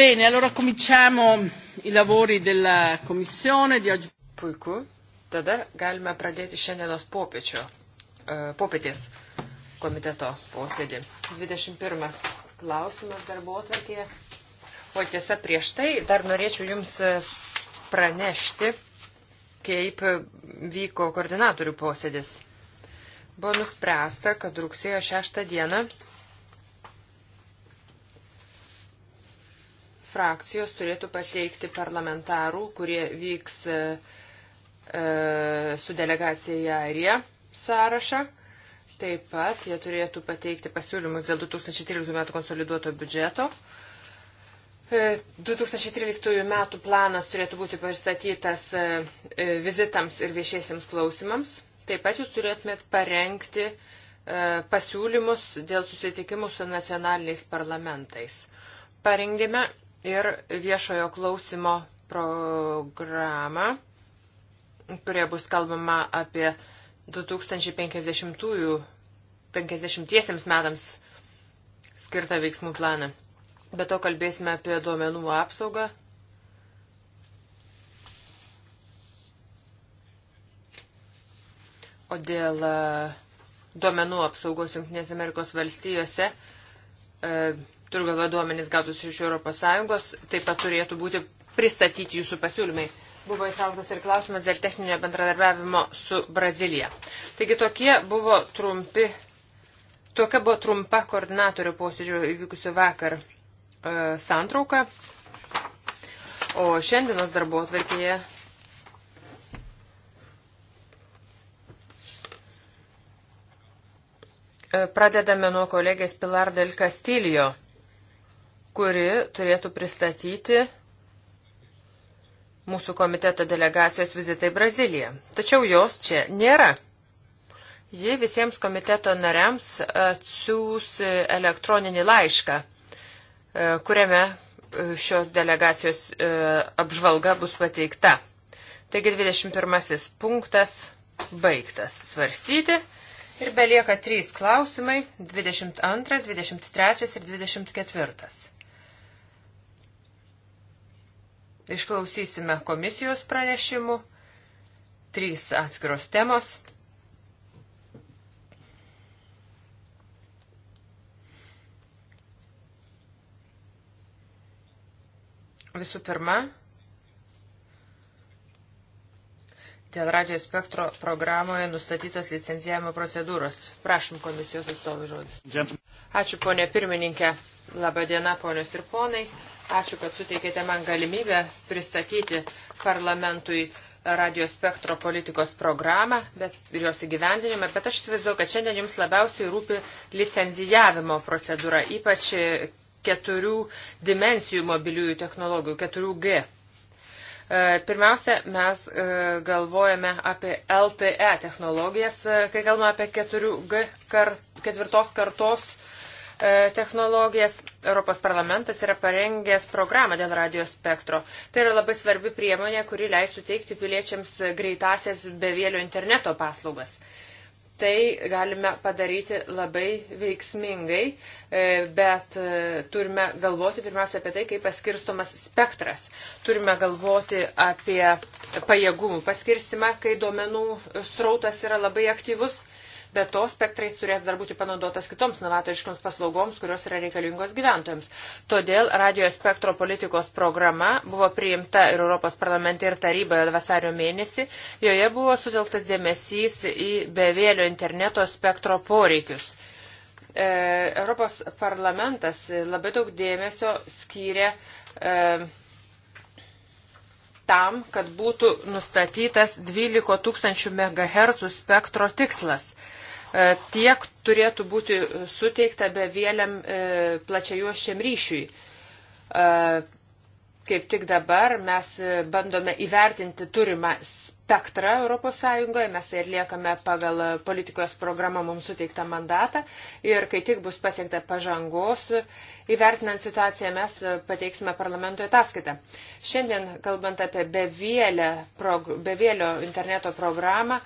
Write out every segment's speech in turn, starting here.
Bene, allora cominciamo i lavori della Commissione di oggi. Puiku, tada galime pradėti šiandienos popiečio, e, popietės komiteto posėdį. 21 klausimas darbo atvarkėje. O tiesa, prieš tai dar norėčiau Jums e, pranešti, kaip vyko koordinatorių posėdis. Buvo nuspręsta, kad rugsėjo 6 dieną frakcijos turėtų pateikti parlamentarų, kurie vyks e, e, su delegacija į Airiją sąrašą. Taip pat jie turėtų pateikti pasiūlymus dėl 2013 metų konsoliduoto biudžeto. 2013 e, metų planas turėtų būti pristatytas e, vizitams ir viešiesiems klausimams. Taip pat jūs turėtumėt parengti pasiūlymus dėl susitikimų su nacionaliniais parlamentais. Parengėme ir viešojo klausimo programą, kurie bus kalbama apie 2050 metams skirtą veiksmų planą. Be to kalbėsime apie duomenų apsaugą. O dėl e, duomenų apsaugos Junktinės Amerikos valstijose e, turiu galvoje duomenys gautus iš ES, taip pat turėtų būti pristatyti jūsų pasiūlymai. Buvo įtrauktas ir klausimas dėl techninio bendradarbiavimo su Brazilija. Taigi tokie buvo trumpi, tokia buvo trumpa koordinatorių posėdžio įvykusių vakar e, santrauka. O šiandienos darbo atvarkėje e, Pradedame nuo kolegės Pilar del Castillo kuri turėtų pristatyti mūsų komiteto delegacijos vizitai Braziliją. Tačiau jos čia nėra. Ji visiems komiteto nariams atsiūs elektroninį laišką, e, kuriame e, šios delegacijos e, apžvalga bus pateikta. Taigi 21 punktas baigtas svarstyti ir belieka trys klausimai - 22, 23 ir 24. Išklausysime komisijos pranešimų. Trys atskiros temos. Visų pirma, dėl radio spektro programoje nustatytos licencijavimo procedūros. Prašom komisijos atstovų žodis. Ačiū, ponė pirmininkė. Labą dieną, ponios ir ponai. Ačiū, kad suteikėte man galimybę pristatyti parlamentui radio spektro politikos programą bet, ir jos įgyvendinimą, bet aš įsivaizduoju, kad šiandien jums labiausiai rūpi licenzijavimo procedūra, ypač keturių dimensijų mobiliųjų technologijų, 4G. E, pirmiausia, mes e, galvojame apie LTE technologijas, e, kai kalbame apie 4G kar, ketvirtos kartos uh, E, technologijas. Europos parlamentas yra parengęs programą dėl radio spektro. Tai yra labai svarbi priemonė, kuri leis suteikti piliečiams greitasias bevėlio interneto paslaugas. Tai galime padaryti labai veiksmingai, e, bet e, turime galvoti pirmiausia apie tai, kaip paskirstomas spektras. Turime galvoti apie pajėgumų paskirstimą, kai duomenų srautas yra labai aktyvus Bet to spektrais turės dar būti panaudotas kitoms novatoriškoms paslaugoms, kurios yra reikalingos gyventojams. Todėl radio spektro politikos programa buvo priimta ir Europos parlamente ir taryboje vasario mėnesį. Joje buvo sutelktas dėmesys į bevėlio interneto spektro poreikius. E, Europos parlamentas labai daug dėmesio skyrė e, tam, kad būtų nustatytas 12 tūkstančių MHz spektro tikslas. E, tiek turėtų būti suteikta be vėliam e, plačiajuošiam ryšiui. E, kaip tik dabar mes bandome įvertinti turimą spektrą ES, mes tai atliekame pagal politikos programą mums suteiktą mandatą ir kai tik bus pasiekta pažangos, įvertinant situaciją, mes pateiksime parlamento ataskaitą. Šiandien, kalbant apie bevėlę, bevėlio interneto programą,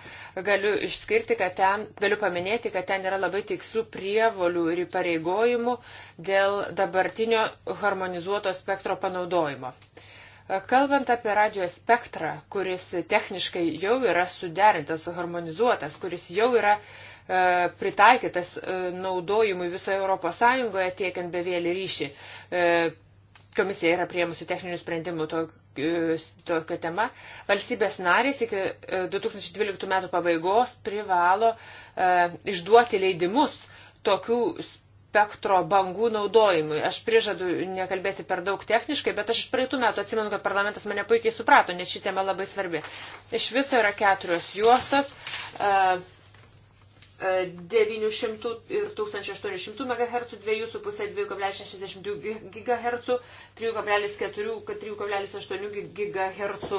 galiu išskirti, kad ten, galiu paminėti, kad ten yra labai tikslių prievolių ir įpareigojimų dėl dabartinio harmonizuoto spektro panaudojimo. Kalbant apie radio spektrą, kuris techniškai jau yra suderintas, harmonizuotas, kuris jau yra e, pritaikytas e, naudojimui visoje Europos Sąjungoje tiekiant bevėlį ryšį. E, komisija yra priemusi techninių sprendimų to, e, tokia tema. Valstybės narės iki 2012 e, metų pabaigos privalo e, išduoti leidimus tokių spektro bangų naudojimui. Aš prižadu nekalbėti per daug techniškai, bet aš iš praeitų metų atsimenu, kad parlamentas mane puikiai suprato, nes ši tema labai svarbi. Iš viso yra keturios juostos. Uh, 900 ir 1800 MHz, 2,5-2,62 GHz, 3,4-3,8 GHz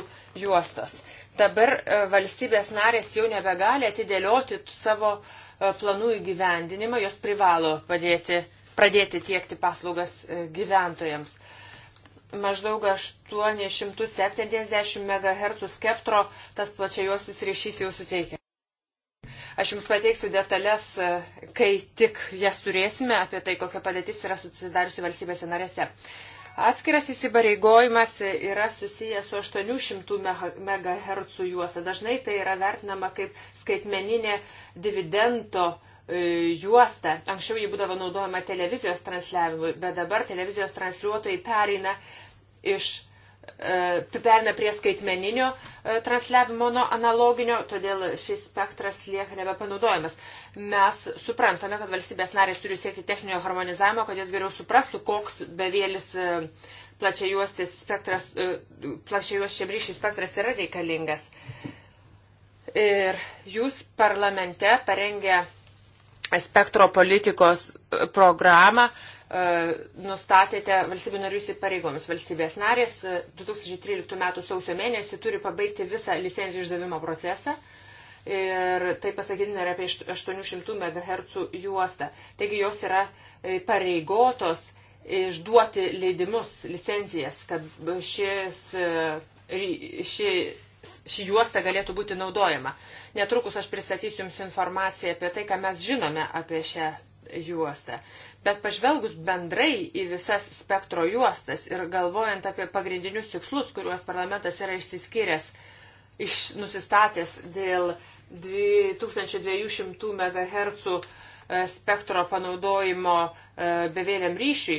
juostos. Dabar e, valstybės narės jau nebegali atidėlioti savo e, planų įgyvendinimą, jos privalo padėti, pradėti tiekti paslaugas e, gyventojams. Maždaug 870 MHz skeptro tas plačiajuosis ryšys jau suteikia. Aš jums pateiksiu detalės, e, kai tik jas turėsime apie tai, kokia padėtis yra susidariusi valstybėse narėse. Atskiras įsibareigojimas yra susijęs su 800 MHz juosta. Dažnai tai yra vertinama kaip skaitmeninė dividendo e, juosta. Anksčiau ji būdavo naudojama televizijos transliavimui, bet dabar televizijos transliuotojai pereina iš E, perina prie skaitmeninio e, transliavimo nuo analoginio, todėl šis spektras lieka nebepanaudojamas. Mes suprantame, kad valstybės narės turi siekti techninio harmonizavimo, kad jos geriau suprastų, koks bevėlis e, plačiajuostis spektras, plačiajuosčiam ryšių spektras yra reikalingas. Ir jūs parlamente parengė spektro politikos programą, E, nustatėte valstybių narių įsipareigojimus. Valstybės narės 2013 e, m. sausio mėnesį turi pabaigti visą licencijų išdavimo procesą. Ir tai pasakytina yra apie 800 MHz juostą. Taigi jos yra pareigotos išduoti leidimus, licencijas, kad šis, e, ši ši juosta galėtų būti naudojama. Netrukus aš pristatysiu Jums informaciją apie tai, ką mes žinome apie šią juostą. Bet pažvelgus bendrai į visas spektro juostas ir galvojant apie pagrindinius tikslus, kuriuos parlamentas yra išsiskyręs, iš, nusistatęs dėl 2200 MHz e, spektro panaudojimo e, bevėliam ryšiui,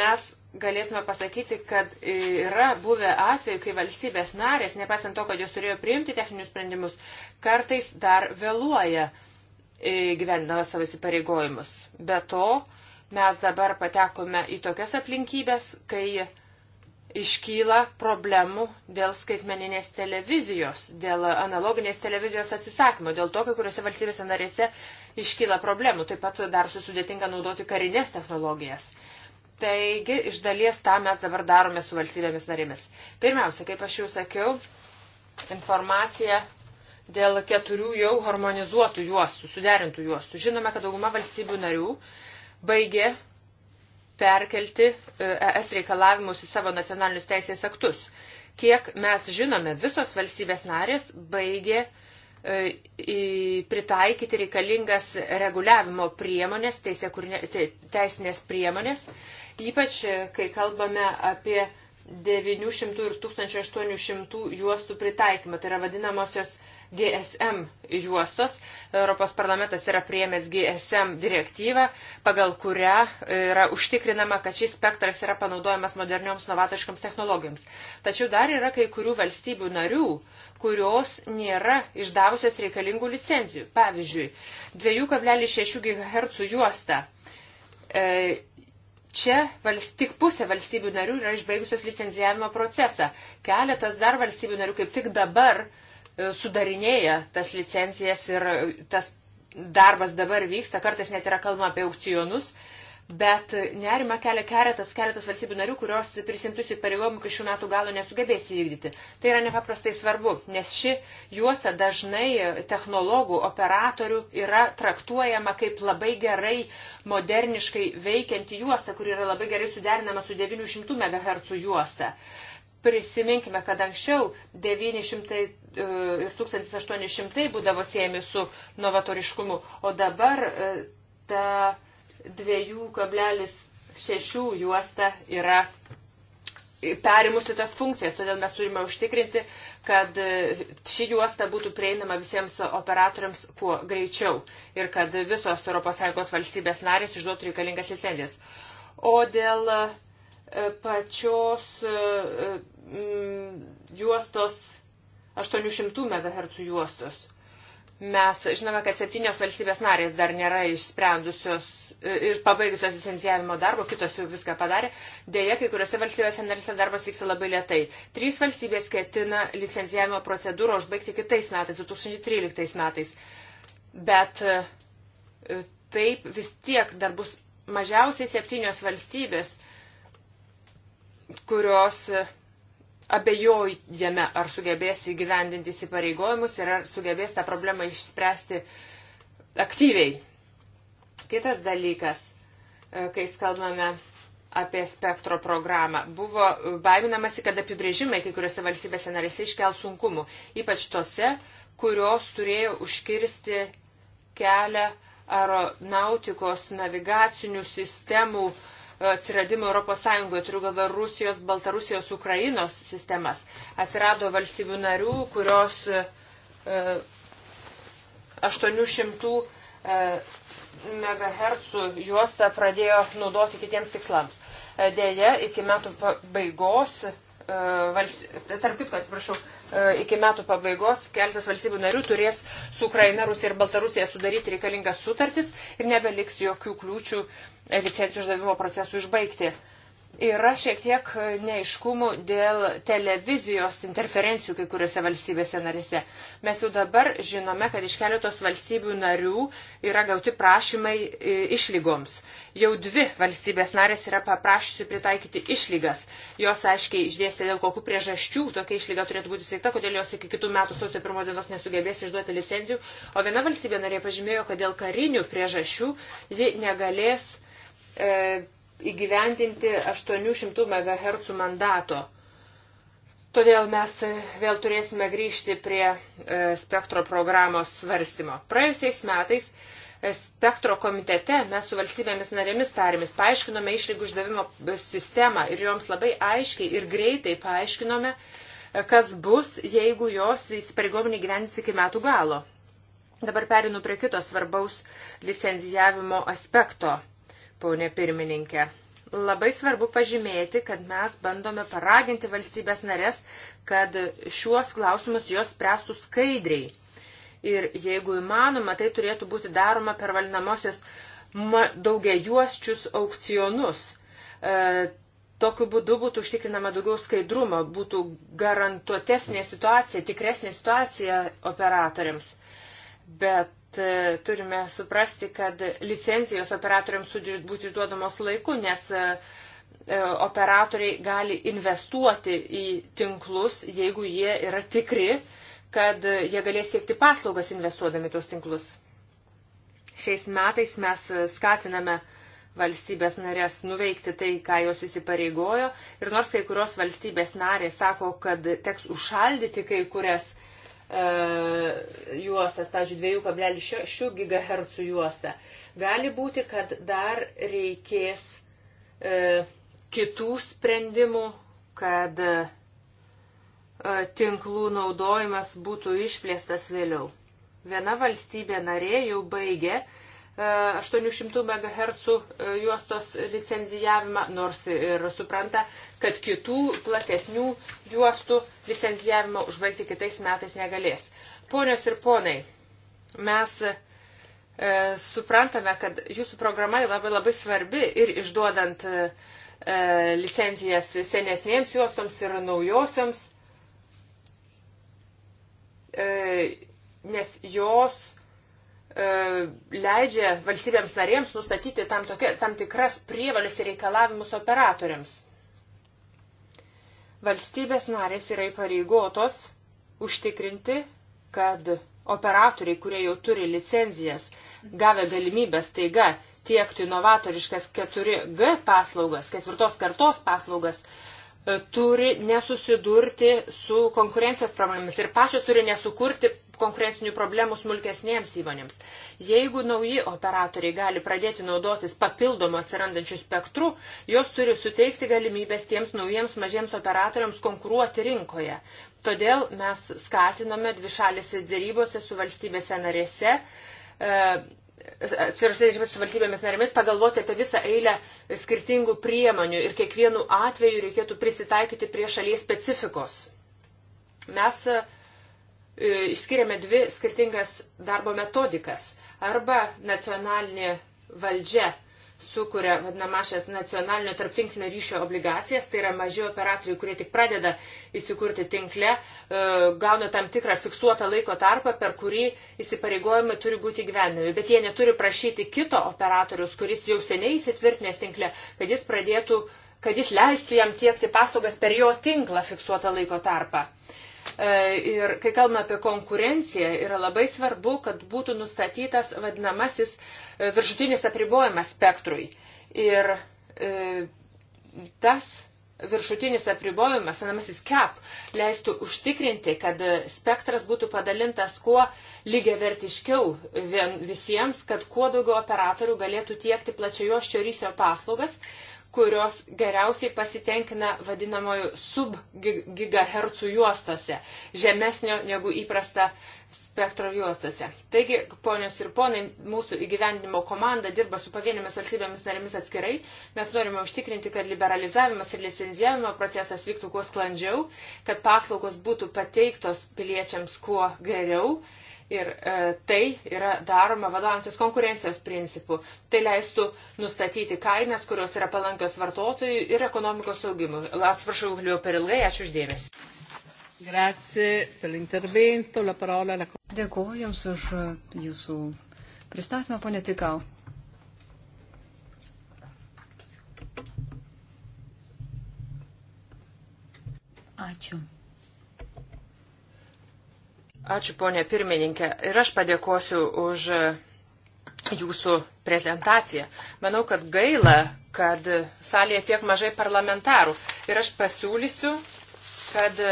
mes galėtume pasakyti, kad yra buvę atveju, kai valstybės narės, nepaisant to, kad jos turėjo priimti techninius sprendimus, kartais dar vėluoja e, gyvendama savo įsipareigojimus. Be to, Mes dabar patekome į tokias aplinkybės, kai iškyla problemų dėl skaitmeninės televizijos, dėl analoginės televizijos atsisakymo, dėl to, kai kuriuose valstybėse narėse iškyla problemų, taip pat dar susidėtinga naudoti karinės technologijas. Taigi, iš dalies tą mes dabar darome su valstybėmis narėmis. Pirmiausia, kaip aš jau sakiau, informacija dėl keturių jau harmonizuotų juostų, suderintų juostų. Žinome, kad dauguma valstybių narių baigė perkelti ES e reikalavimus į savo nacionalinius teisės aktus. Kiek mes žinome, visos valstybės narės baigė e, pritaikyti reikalingas reguliavimo priemonės, teisinės priemonės, ypač e, kai kalbame apie 900 ir 1800 juostų pritaikymą, tai yra vadinamosios GSM juostos. Europos parlamentas yra priėmęs GSM direktyvą, pagal kurią yra užtikrinama, kad šis spektras yra panaudojamas modernioms novatoškams technologijoms. Tačiau dar yra kai kurių valstybių narių, kurios nėra išdavusios reikalingų licencijų. Pavyzdžiui, 2,6 GHz juosta. E, čia vals, tik pusė valstybių narių yra išbaigusios licenzijavimo procesą. Keletas dar valstybių narių kaip tik dabar uh, E, sudarinėja tas licencijas ir e, tas darbas dabar vyksta, kartais net yra kalbama apie aukcionus, bet nerima kelia keletas, keletas valstybių narių, kurios prisimtus įpareigojimų iki šių metų galo nesugebės įvykdyti. Tai yra nepaprastai svarbu, nes ši juosta dažnai technologų, operatorių yra traktuojama kaip labai gerai, moderniškai veikianti juosta, kuri yra labai gerai suderinama su 900 MHz juosta. Prisiminkime, kad anksčiau 900 e, ir 1800 būdavo siejami su novatoriškumu, o dabar e, ta 2,6 juosta yra perimusi tas funkcijas, todėl mes turime užtikrinti, kad e, ši juosta būtų prieinama visiems operatoriams kuo greičiau ir kad visos ES valstybės narės išduotų reikalingas licencijas. O dėl E, pačios e, e, juostos 800 MHz juostos. Mes žinome, kad septynios valstybės narės dar nėra išsprendusios ir pabaigusios licencijavimo darbo, kitos jau viską padarė. Deja, kai kuriuose valstybėse narėse darbas vyksta labai lietai. Trys valstybės ketina licencijavimo procedūrą užbaigti kitais metais, 2013 metais. Bet taip vis tiek dar bus mažiausiai septynios valstybės, uh, kurios abejojame, ar sugebės įgyvendinti įsipareigojimus ir ar sugebės tą problemą išspręsti aktyviai. Kitas dalykas, e, kai kalbame apie spektro programą, buvo baiminamasi, kad apibrėžimai kai kuriuose valstybėse narėse iškel sunkumų, ypač tose, kurios turėjo užkirsti kelią aeronautikos navigacinių sistemų uh, atsiradimo ES, turiu galvą Rusijos, Baltarusijos, Ukrainos sistemas. Atsirado valstybių narių, kurios 800 e, e, MHz juostą pradėjo naudoti kitiems tikslams. E, dėja, iki metų pabaigos E, tarp kitko, atsiprašau, e, iki metų pabaigos keletas valstybių narių turės su Ukraina, Rusija ir Baltarusija sudaryti reikalingas sutartis ir nebeliks jokių kliūčių licencijų išdavimo procesų išbaigti. Uh, Yra šiek tiek neiškumų dėl televizijos interferencijų kai kuriuose valstybėse narėse. Mes jau dabar žinome, kad iš keletos valstybių narių yra gauti prašymai e, išlygoms. Jau dvi valstybės narės yra paprašysiu pritaikyti išlygas. Jos aiškiai išdėstė, dėl kokių priežasčių tokia išlyga turėtų būti sveikta, kodėl jos iki kitų metų sausio pirmos dienos nesugebės išduoti licenzijų. O viena valstybė narė pažymėjo, kad dėl karinių priežasčių ji negalės. E, įgyvendinti 800 MHz mandato. Todėl mes e, vėl turėsime grįžti prie e, spektro programos svarstymo. Praėjusiais metais e, spektro komitete mes su valstybėmis narėmis tarėmis paaiškinome išlygų uždavimo sistemą ir joms labai aiškiai ir greitai paaiškinome, kas bus, jeigu jos įsipareigojimai gyvens iki metų galo. Dabar perinu prie kito svarbaus licenzijavimo aspekto ponė pirmininkė. Labai svarbu pažymėti, kad mes bandome paraginti valstybės narės, kad šiuos klausimus jos spręstų skaidriai. Ir jeigu įmanoma, tai turėtų būti daroma per valinamosios daugia juosčius aukcionus. E, tokiu būdu būtų užtikrinama daugiau skaidrumo, būtų garantuotesnė situacija, tikresnė situacija operatoriams. Bet E, turime suprasti, kad licencijos operatoriams turi būti išduodamos laiku, nes e, e, operatoriai gali investuoti į tinklus, jeigu jie yra tikri, kad jie galės siekti paslaugas investuodami tuos tinklus. Šiais metais mes skatiname valstybės narės nuveikti tai, ką jos įsipareigojo. Ir nors kai kurios valstybės narės sako, kad teks užšaldyti kai kurias E, juostas, pavyzdžiui, 2,6 GHz juosta. Gali būti, kad dar reikės e, kitų sprendimų, kad e, tinklų naudojimas būtų išplėstas vėliau. Viena valstybė narė jau baigė e, 800 MHz e, juostos licenzijavimą, nors ir supranta, kad kitų platesnių juostų licenzijavimą užbaigti kitais metais negalės. Ponios ir ponai, mes e, suprantame, kad jūsų programa labai labai svarbi ir išduodant e, licencijas senesniems juostoms ir naujosioms, nes jos E, leidžia valstybėms narėms nustatyti tam, tokia, tam tikras prievalis ir reikalavimus operatoriams. Valstybės narės yra įpareigotos užtikrinti, kad operatoriai, kurie jau turi licenzijas, gavę galimybę staiga tiekti inovatoriškas 4G paslaugas, ketvirtos kartos paslaugas, uh, E, turi nesusidurti su konkurencijos problemomis ir pačios turi nesukurti konkurencinių problemų smulkesnėms įmonėms. Jeigu nauji operatoriai gali pradėti naudotis papildomu atsirandančiu spektru, jos turi suteikti galimybės tiems naujiems mažiems operatoriams konkuruoti rinkoje. Todėl mes skatinome dvišalėse dėrybose su valstybėse narėse e, atsirašinėjimas su valstybėmis narėmis, pagalvoti apie visą eilę skirtingų priemonių ir kiekvienu atveju reikėtų prisitaikyti prie šalies specifikos. Mes e, išskiriame dvi skirtingas darbo metodikas. Arba nacionalinė valdžia sukuria vadinamąsias nacionalinio tarptinklinio ryšio obligacijas, tai yra maži operatoriai, kurie tik pradeda įsikurti tinkle, e, gauna tam tikrą fiksuotą laiko tarpą, per kurį įsipareigojimai turi būti gyvenami. Bet jie neturi prašyti kito operatorius, kuris jau seniai įsitvirtinęs tinkle, kad jis pradėtų, kad jis leistų jam tiekti paslaugas per jo tinklą fiksuotą laiko tarpą. E, ir kai kalbame apie konkurenciją, yra labai svarbu, kad būtų nustatytas vadinamasis uh, E, viršutinis apribojimas spektrui. Ir e, tas viršutinis apribojimas, senamasis cap, leistų užtikrinti, kad spektras būtų padalintas kuo lygiavertiškiau visiems, kad kuo daugiau operatorių galėtų tiekti plačiojo ščioryšio paslaugas, kurios geriausiai pasitenkina vadinamojų sub-gigahercų juostose, žemesnio negu įprasta spektro juostose. Taigi, ponios ir ponai, mūsų įgyvendinimo komanda dirba su pavienėmis valstybėmis narėmis atskirai. Mes norime užtikrinti, kad liberalizavimas ir licenzijavimo procesas vyktų kuo sklandžiau, kad paslaugos būtų pateiktos piliečiams kuo geriau Ir e, tai yra daroma vadovantis konkurencijos principu. Tai leistų nustatyti kainas, kurios yra palankios vartotojui ir ekonomikos augimui. Atsiprašau, galiu per ilgai, ačiū uždėmesi. La... Dėkuoju Jums už Jūsų pristatymą, ponė Tikau. Ačiū. Ačiū, ponė pirmininkė. Ir aš padėkosiu už jūsų prezentaciją. Manau, kad gaila, kad salėje tiek mažai parlamentarų. Ir aš pasiūlysiu, kad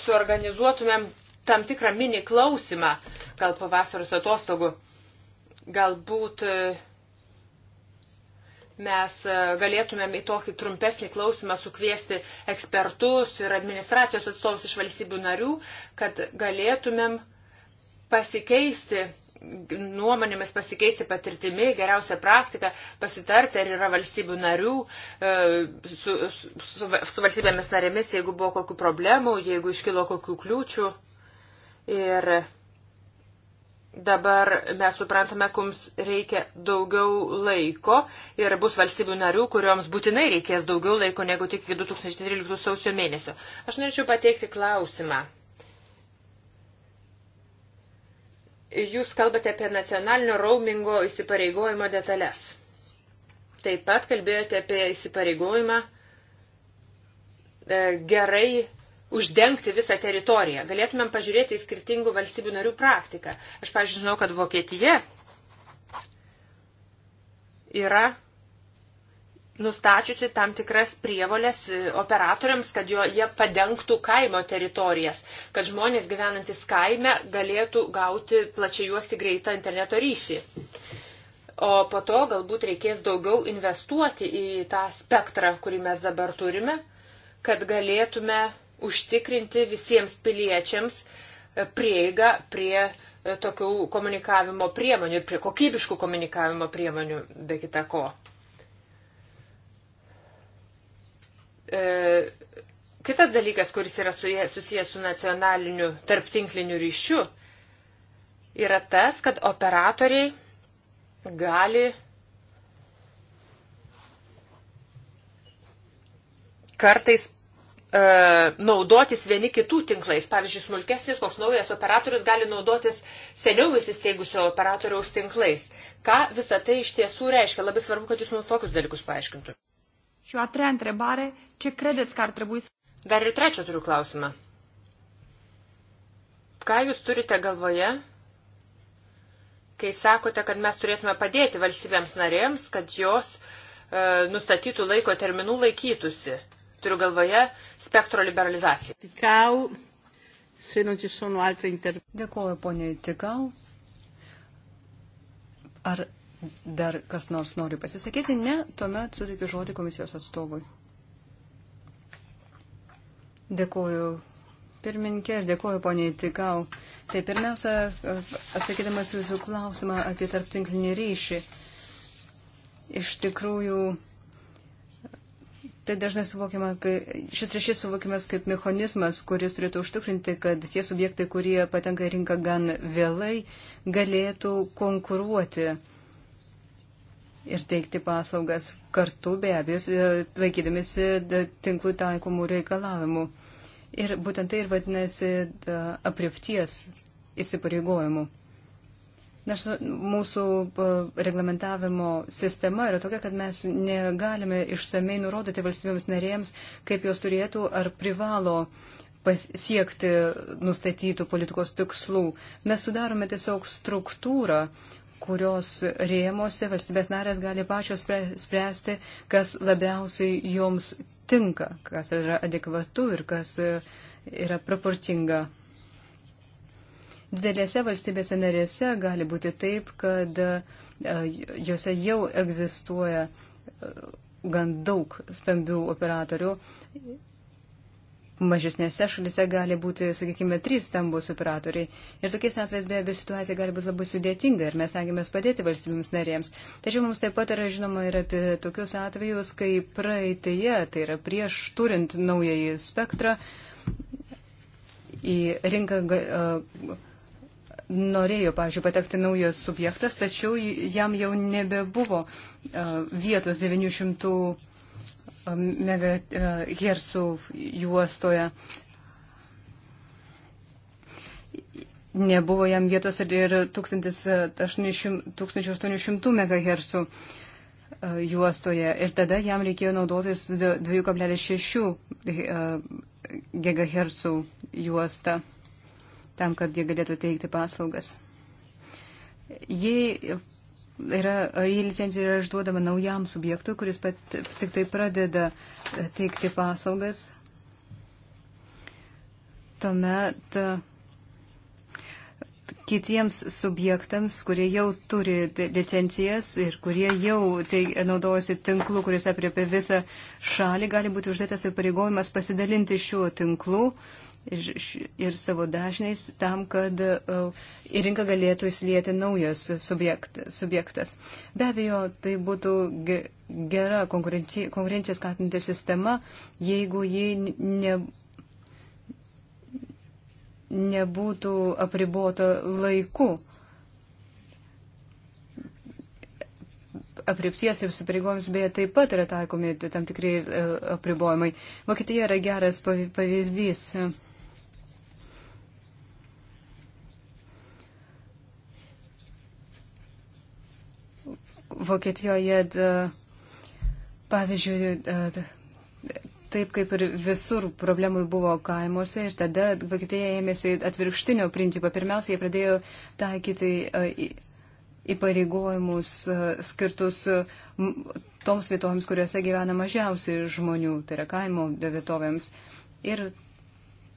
suorganizuotumėm tam tikrą mini klausimą, gal pavasaros atostogų. Galbūt mes e, galėtumėm į tokį trumpesnį klausimą sukviesti ekspertus ir administracijos atstovus iš valstybių narių, kad galėtumėm pasikeisti nuomonėmis pasikeisti patirtimi, geriausią praktiką, pasitarti, ar yra valstybių narių, e, su, su, su valstybėmis narėmis, jeigu buvo kokių problemų, jeigu iškilo kokių kliūčių. Ir Dabar mes suprantame, mums reikia daugiau laiko ir bus valstybių narių, kurioms būtinai reikės daugiau laiko negu tik 2013 sausio mėnesio. Aš norėčiau pateikti klausimą. Jūs kalbate apie nacionalinio roamingo įsipareigojimo detalės. Taip pat kalbėjote apie įsipareigojimą e, gerai uždengti visą teritoriją. Galėtumėm pažiūrėti į skirtingų valstybių narių praktiką. Aš, pažiūrėjau, žinau, kad Vokietija yra nustačiusi tam tikras prievolės operatoriams, kad jo, jie padengtų kaimo teritorijas, kad žmonės gyvenantis kaime galėtų gauti plačiai juosti greitą interneto ryšį. O po to galbūt reikės daugiau investuoti į tą spektrą, kurį mes dabar turime, kad galėtume užtikrinti visiems piliečiams e, prieigą prie e, tokių komunikavimo priemonių ir prie kokybiškų komunikavimo priemonių, be kita ko. E, kitas dalykas, kuris yra susijęs su nacionaliniu tarptinkliniu ryšiu, yra tas, kad operatoriai gali kartais E, naudotis vieni kitų tinklais. Pavyzdžiui, smulkesnis koks naujas operatorius gali naudotis seniau įsisteigusio operatoriaus tinklais. Ką visa tai iš tiesų reiškia? Labai svarbu, kad jūs mums tokius dalykus paaiškintų. Šiuo atreja întrebare, ce credeți că ar trebui să... Dar ir trečią turiu klausimą. Ką jūs turite galvoje, kai sakote, kad mes turėtume padėti valstybėms narėms, kad jos e, nustatytų laiko terminų laikytųsi? Turiu galvoje spektro liberalizaciją. Tikau, sėnančių sunų alfa interviu. Dėkuoju, ponė Tikau. Ar dar kas nors nori pasisakyti? Ne, tuomet suteikiu žodį komisijos atstovui. Dėkuoju pirmininkė ir dėkuoju poniai Tikau. Tai pirmiausia, atsakydamas jūsų klausimą apie tarptinklinį ryšį. Iš tikrųjų, Tai dažnai suvokiama, šis ryšys suvokiamas kaip mechanizmas, kuris turėtų užtikrinti, kad tie subjektai, kurie patenka į rinką gan vėlai, galėtų konkuruoti ir teikti paslaugas kartu, be abejo, laikydamėsi tinklų taikomų reikalavimų. Ir būtent tai ir vadinasi apriepties įsipareigojimų. Nes mūsų e, reglamentavimo sistema yra tokia, kad mes negalime išsamei nurodyti valstybėms narėms, kaip jos turėtų ar privalo pasiekti nustatytų politikos tikslų. Mes sudarome tiesiog struktūrą, kurios rėmose valstybės narės gali pačios spręsti, kas labiausiai joms tinka, kas yra adekvatu ir kas e, yra proporcinga. Didelėse valstybėse narėse gali būti taip, kad e, juose jau egzistuoja e, gan daug stambių operatorių. Mažesnėse šalise gali būti, sakykime, trys stambus operatoriai. Ir tokiais atvejais be abejo situacija gali būti labai sudėtinga ir mes tengiamės padėti valstybėms narėms. Tačiau mums taip pat yra žinoma ir apie tokius atvejus, kai praeitėje, tai yra prieš turint naująjį spektrą, į rinką. Uh, norėjo, pažiūrėjau, patekti naujas subjektas, tačiau jam jau nebebuvo e, vietos 900 e, MHz juostoje. Nebuvo jam vietos ir 1800 e, MHz juostoje. Ir tada jam reikėjo naudotis 2,6 GHz juostą tam, kad jie galėtų teikti paslaugas. Jei, yra, jei licencija yra išduodama naujam subjektui, kuris pat, tik tai pradeda teikti paslaugas, tuomet kitiems subjektams, kurie jau turi licencijas ir kurie jau tai, naudojasi tinklu, kuris apriepia visą šalį, gali būti uždėtas ir pareigojimas pasidalinti šiuo tinklu. Uh, ir, ir savo dažniais tam, kad e, į rinką galėtų įsilieti naujas subjekt, subjektas. Be abejo, tai būtų gera konkurenci, konkurencija skatinti sistema, jeigu ji ne, nebūtų apribota laiku. apriepsies ir įsipareigojimus, beje, taip pat yra taikomi tam tikrai e, apribojimai. Vokietija yra geras pavyzdys. Uh, Vokietijoje, pavyzdžiui, taip kaip ir visur problemų buvo kaimuose ir tada Vokietija ėmėsi atvirkštinio principo. Pirmiausia, jie pradėjo taikyti įpareigojimus skirtus toms vietovėms, kuriuose gyvena mažiausiai žmonių, tai yra kaimo vietovėms. Ir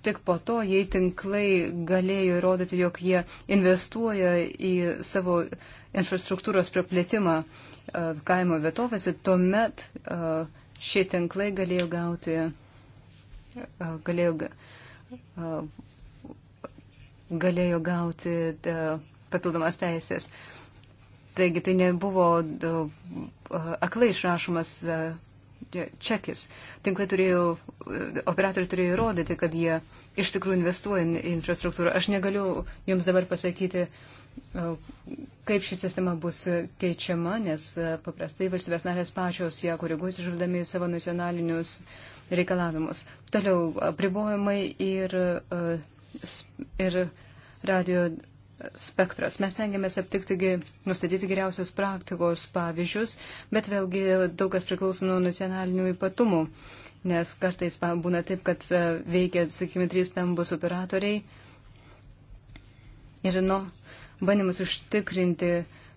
tik po to, jei tinklai galėjo įrodyti, jog jie investuoja į savo infrastruktūros praplėtimą e, kaimo vietovėse, tuomet e, šie tinklai galėjo gauti, e, galėjo, galėjo gauti papildomas teisės. Taigi tai nebuvo aklai išrašomas čekis. Tinklai turėjo, operatoriai turėjo įrodyti, kad jie iš tikrųjų investuoja į infrastruktūrą. Aš negaliu jums dabar pasakyti, e, kaip ši sistema bus keičiama, nes e, paprastai valstybės narės pačios ją koreguos išvardami savo nacionalinius reikalavimus. Toliau, apribojimai ir, e, ir radio spektras. Mes tengiamės aptikti, nustatyti geriausios praktikos pavyzdžius, bet vėlgi daug kas priklauso nuo nacionalinių ypatumų, nes kartais būna taip, kad e, veikia, sakykime, trys stambus operatoriai ir nu, bandymas užtikrinti,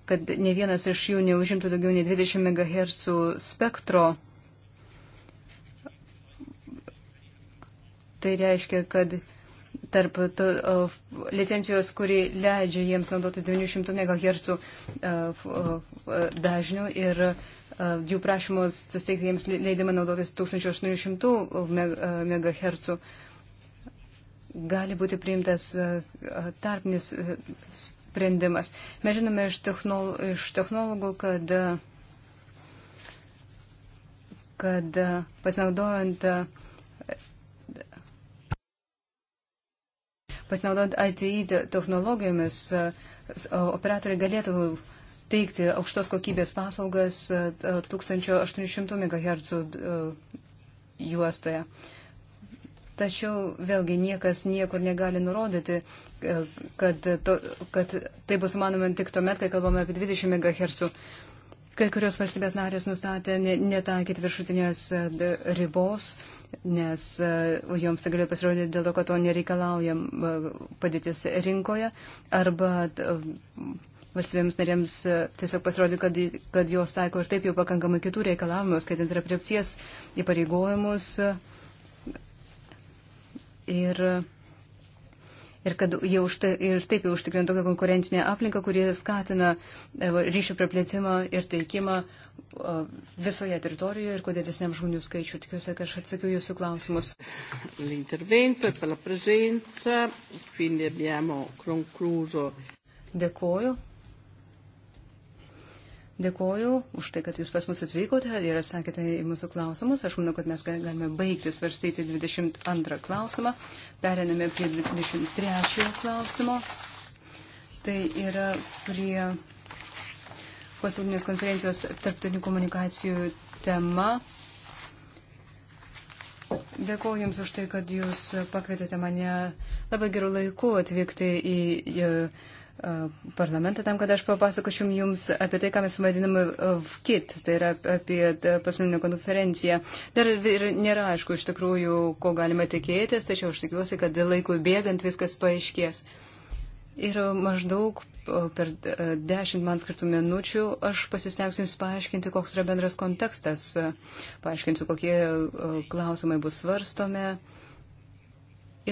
kad ne vienas iš jų neužimtų daugiau nei 20 MHz spektro. Tai reiškia, kad tarp to, uh, licencijos, kuri leidžia jiems naudotis 900 MHz uh, uh, dažniu ir uh, jų prašymus susteikti jiems leidimą naudotis 1800 MHz. Gali būti priimtas uh, tarpnis uh, sprendimas. Mes žinome iš, technol, iš technologų, kad, kad pasinaudojant uh, pasinaudant IT technologijomis, operatoriai galėtų teikti aukštos kokybės paslaugas 1800 MHz juostoje. Tačiau vėlgi niekas niekur negali nurodyti, kad, to, kad tai bus manoma tik tuomet, kai kalbame apie 20 MHz. Kai kurios valstybės narės nustatė netaikyti viršutinės ribos. Uh, nes e, joms tai galėjo pasirodyti dėl to, kad to nereikalauja e, padėtis rinkoje arba e, valstybėms narėms tiesiog pasirodė, kad, kad jos taiko ir taip jau pakankamai kitų reikalavimų, skaitant ir apriepties įpareigojimus. Ir, ir ir kad jie už tai, ir taip jau užtikrina tokią konkurencinę aplinką, kuri skatina e, ryšių praplėtimą ir teikimą e, visoje teritorijoje ir kodėl didesniam žmonių skaičių. Tikiuosi, kad aš atsakiau jūsų klausimus. Dėkoju. Dėkoju už tai, kad jūs pas mus atvykote ir atsakėte į mūsų klausimus. Aš manau, kad mes galime baigti svarstyti 22 klausimą. Periname prie 23 klausimo. Tai yra prie pasaulinės konferencijos tarptautinių komunikacijų tema. Dėkuoju Jums už tai, kad Jūs pakvietėte mane labai gerų laikų atvykti į E, parlamentą tam, kad aš papasakočiau jums apie tai, ką mes vadiname e, VKIT, tai yra apie e, pasaulinę konferenciją. Dar ir nėra aišku iš tikrųjų, ko galima tikėtis, tačiau aš tikiuosi, kad laikui bėgant viskas paaiškės. Ir maždaug per dešimt man skirtų minučių aš pasistengsiu Jums paaiškinti, koks yra bendras kontekstas, paaiškinsiu, kokie klausimai bus svarstomi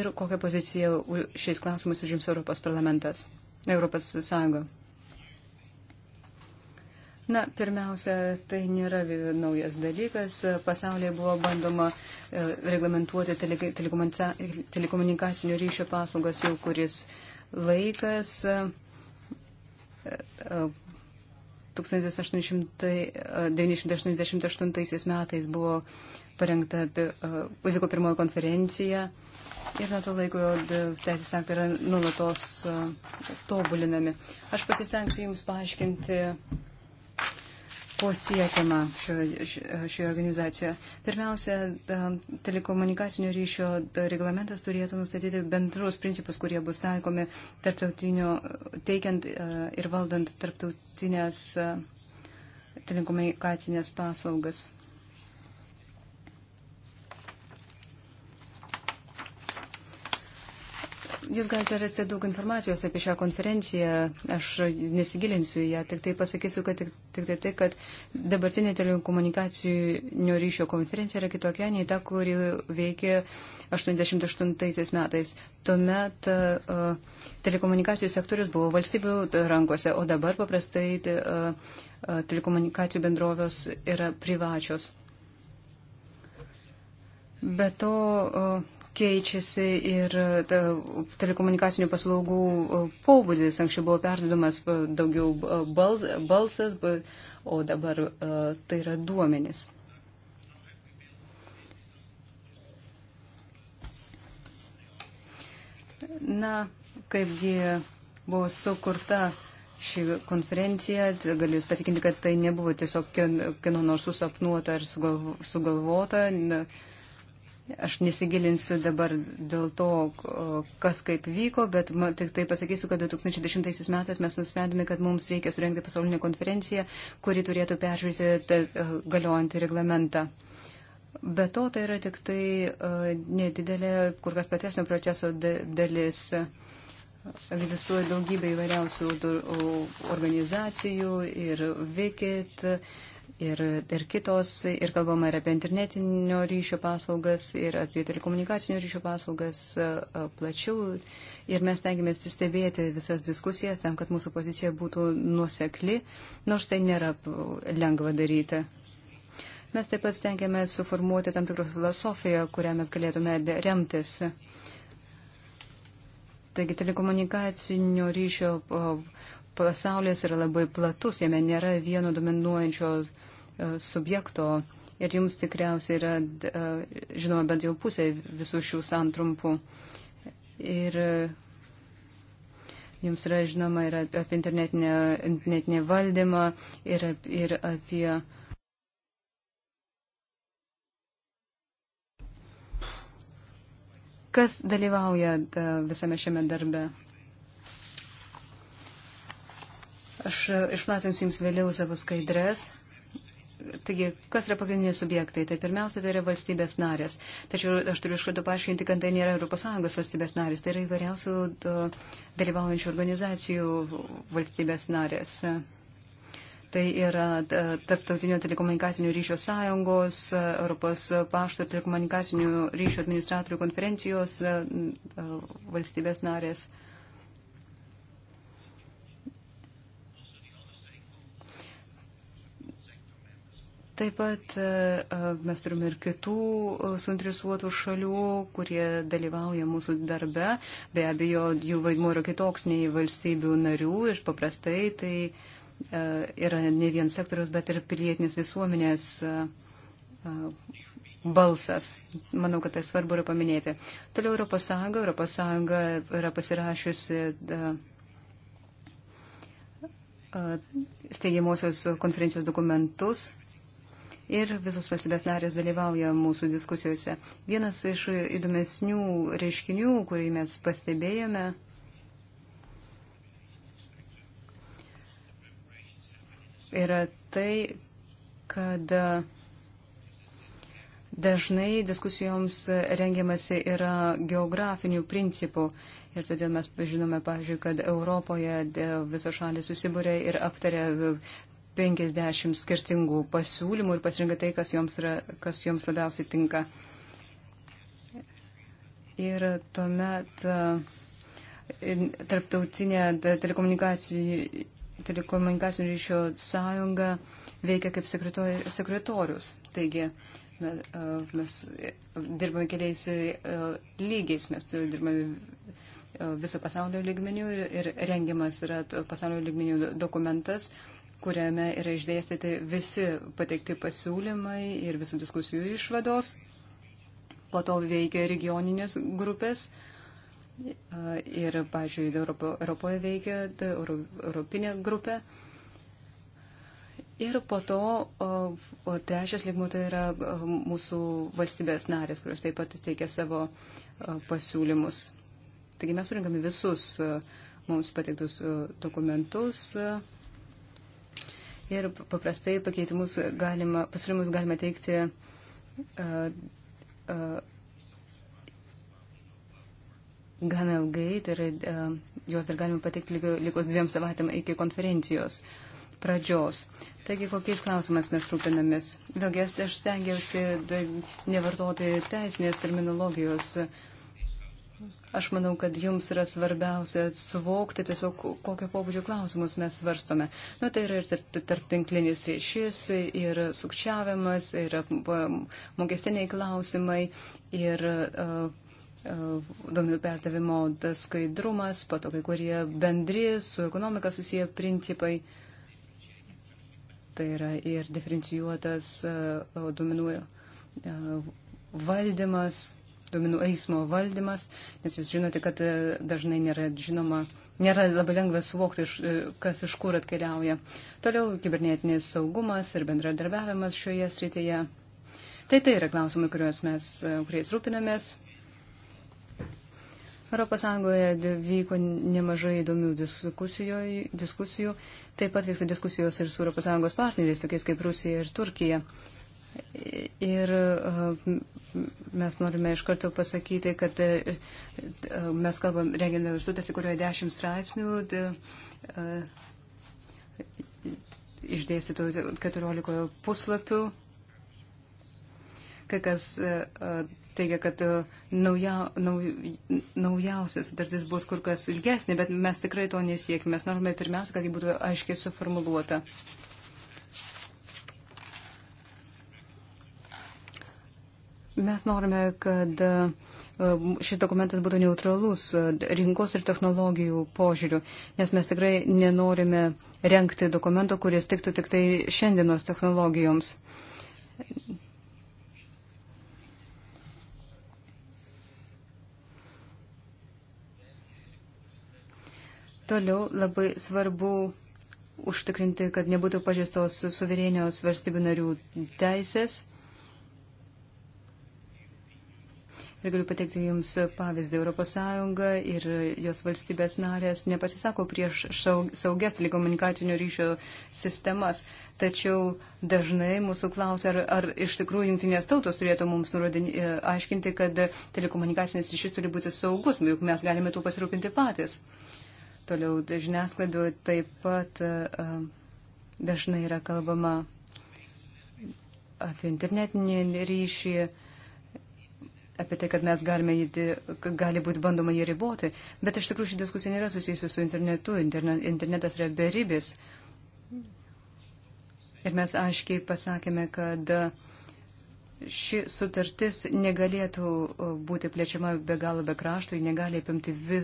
ir kokią poziciją šiais klausimais užims Europos parlamentas. Europos Sąjunga. Na, pirmiausia, tai nėra naujas dalykas. Pasaulyje buvo bandoma e, reglamentuoti telekomunikacinio ryšio paslaugas jau kuris laikas. 1988 e, e, metais buvo parengta, vyko pirmoji konferencija Ir nuo to laiko teisės aktai yra nulatos e, tobulinami. Aš pasistengsiu Jums paaiškinti, ko siekiama šioje, šioje organizacijoje. Pirmiausia, telekomunikacinio ryšio e, reglamentas turėtų nustatyti bendrus principus, kurie bus taikomi teikiant e, ir valdant tarptautinės telekomunikacinės paslaugas. Jūs galite rasti daug informacijos apie šią konferenciją. Aš nesigilinsiu į ją, tik tai pasakysiu, kad tik, tik tai tai, kad dabartinė telekomunikacijų ryšio konferencija yra kitokia nei ta, kuri veikė 88 metais. Tuomet uh, telekomunikacijų sektorius buvo valstybių rankose, o dabar paprastai uh, telekomunikacijų bendrovės yra privačios. Be to, keičiasi ir e, telekomunikacinių paslaugų e, pobūdis. Anksčiau buvo perdodamas e, daugiau balsas, o dabar tai yra duomenis. Na, kaipgi buvo sukurta ši konferencija, galiu Jūs patikinti, kad tai nebuvo tiesiog kieno nors susapnuota ar sugalvota. Na, Aš nesigilinsiu dabar dėl to, kas kaip vyko, bet tik tai pasakysiu, kad 2010 metais mes nusprendėme, kad mums reikia surenkti pasaulinę konferenciją, kuri turėtų peržiūrėti e, galiojantį reglamentą. Be to, tai yra tik tai e, nedidelė, kur kas platesnio proceso dalis. Egzistuoja daugybė įvairiausių organizacijų ir Vikit. Uh, ir, ir kitos, ir kalbama ir apie internetinio ryšio paslaugas, ir apie telekomunikacinio ryšio paslaugas e, e, plačiau. Ir mes tengiamės stebėti visas diskusijas tam, kad mūsų pozicija būtų nuosekli, nors tai nėra lengva daryti. Mes taip pat stengiamės suformuoti tam tikrą filosofiją, kurią mes galėtume remtis. Taigi telekomunikacinio ryšio pasaulis yra labai platus, jame nėra vieno dominuojančio e, subjekto ir jums tikriausiai yra, e, žinoma, bent jau pusė visų šių santrumpų. Ir e, jums yra žinoma ir apie internetinę, internetinę valdymą ir, ir apie. Kas dalyvauja visame šiame darbe? Aš išplatinsiu Jums vėliau savo skaidres. Taigi, kas yra pagrindiniai subjektai? Tai pirmiausia, tai yra valstybės narės. Tačiau aš turiu iš karto paaiškinti, kad tai nėra ES valstybės narės, tai yra įvairiausių dalyvaujančių organizacijų valstybės narės. Tai yra Tarptautinio telekomunikacinių ryšio sąjungos, Europos pašto telekomunikacinių ryšio administratorių konferencijos valstybės narės. Taip pat e, e, mes turime ir kitų e, suinteresuotų šalių, kurie dalyvauja mūsų darbe. Be abejo, jų vaidmuo yra kitoks nei valstybių narių ir paprastai tai yra ne vien sektorius, bet ir pilietinės visuomenės balsas. Manau, kad tai svarbu yra paminėti. Toliau Europos Sąjunga. Europos Sąjunga yra pasirašiusi steigiamosios konferencijos dokumentus ir visos valstybės narės dalyvauja mūsų diskusijose. Vienas iš įdomesnių reiškinių, kurį mes pastebėjome, yra tai, kad dažnai diskusijoms rengiamasi yra geografinių principų. Ir todėl mes žinome, pavyzdžiui, kad Europoje e, visos šalis susibūrė ir aptarė 50 skirtingų pasiūlymų ir pasirinka tai, kas joms, yra, kas joms labiausiai tinka. Ir tuomet e, tarptautinė telekomunikacijų, telekomunikacijų ryšio sąjunga veikia kaip sekretorius. Taigi e, mes dirbame keliais e, lygiais, mes dirbame viso pasaulio lygmenių ir, ir rengiamas yra pasaulio lygmenių dokumentas, kuriame yra išdėstyti visi pateikti pasiūlymai ir visų diskusijų išvados. Po to veikia regioninės grupės. Ir, pažiūrėjau, Europo, Europoje veikia ta, Euro, Europinė grupė. Ir po to o, o trečias lygmuo tai yra mūsų valstybės narės, kurios taip pat teikia savo o, pasiūlymus. Taigi mes surinkame visus o, mums pateiktus o, dokumentus. O, ir paprastai pakeitimus galima, pasiūlymus galima teikti uh, uh, gan ilgai, tai yra uh, juos dar galima pateikti likus dviem savaitėm iki konferencijos pradžios. Taigi, kokiais klausimais mes rūpinamės? Vėlgi, aš stengiausi nevartoti teisinės terminologijos. Uh, Aš manau, kad jums yra svarbiausia suvokti tiesiog, kokio pobūdžio klausimus mes svarstome. Na, tai yra ir tarptinklinis ryšys, ir sukčiavimas, ir mokestiniai klausimai, ir uh, duomenų perdavimo skaidrumas, pato kai kurie bendri su ekonomika susiję principai. Tai yra ir diferencijuotas e, duomenų valdymas duomenų eismo valdymas, nes jūs žinote, kad e, dažnai nėra žinoma, nėra labai lengva suvokti, e, kas iš kur atkeliauja. Toliau kibernetinės saugumas ir bendradarbiavimas šioje srityje. Tai tai yra klausimai, kuriuos mes, e, kuriais rūpinamės. Europos Sąjungoje vyko nemažai įdomių diskusijų, taip pat vyksta diskusijos ir su Europos Sąjungos partneriais, tokiais kaip Rusija ir Turkija. Ir e, mes norime iš karto pasakyti, kad e, e, mes kalbam, rengiame sutartį, kurioje dešimt straipsnių dė, išdėstytų 14 puslapių. Kai kas teigia, kad nauja, nauj, naujausia sutartis bus kur kas ilgesnė, bet mes tikrai to nesiekime. Mes norime pirmiausia, kad ji būtų aiškiai suformuluota. Uh, Mes norime, kad e, šis dokumentas būtų neutralus e, rinkos ir technologijų požiūrių, nes mes tikrai nenorime renkti dokumento, kuris tiktų tik tai šiandienos technologijoms. Toliau labai svarbu užtikrinti, kad nebūtų pažįstos suverenios valstybių narių teisės Ir galiu pateikti Jums pavyzdį. ES ir jos valstybės narės nepasisako prieš saugias telekomunikacinio ryšio sistemas. Tačiau dažnai mūsų klausia, ar, ar iš tikrųjų jungtinės tautos turėtų mums nurodinį, e, aiškinti, kad telekomunikacinis ryšys turi būti saugus, juk mes galime tuo pasirūpinti patys. Toliau tai žiniasklaidoje taip pat uh, dažnai yra kalbama apie internetinį ryšį apie tai, kad mes galime jį, gali būti bandoma jį riboti, bet iš tikrųjų ši diskusija nėra susijusi su internetu, Internet, internetas yra beribis. Ir mes aiškiai pasakėme, kad ši sutartis negalėtų būti plečiama be galo be krašto, ji negali apimti vi,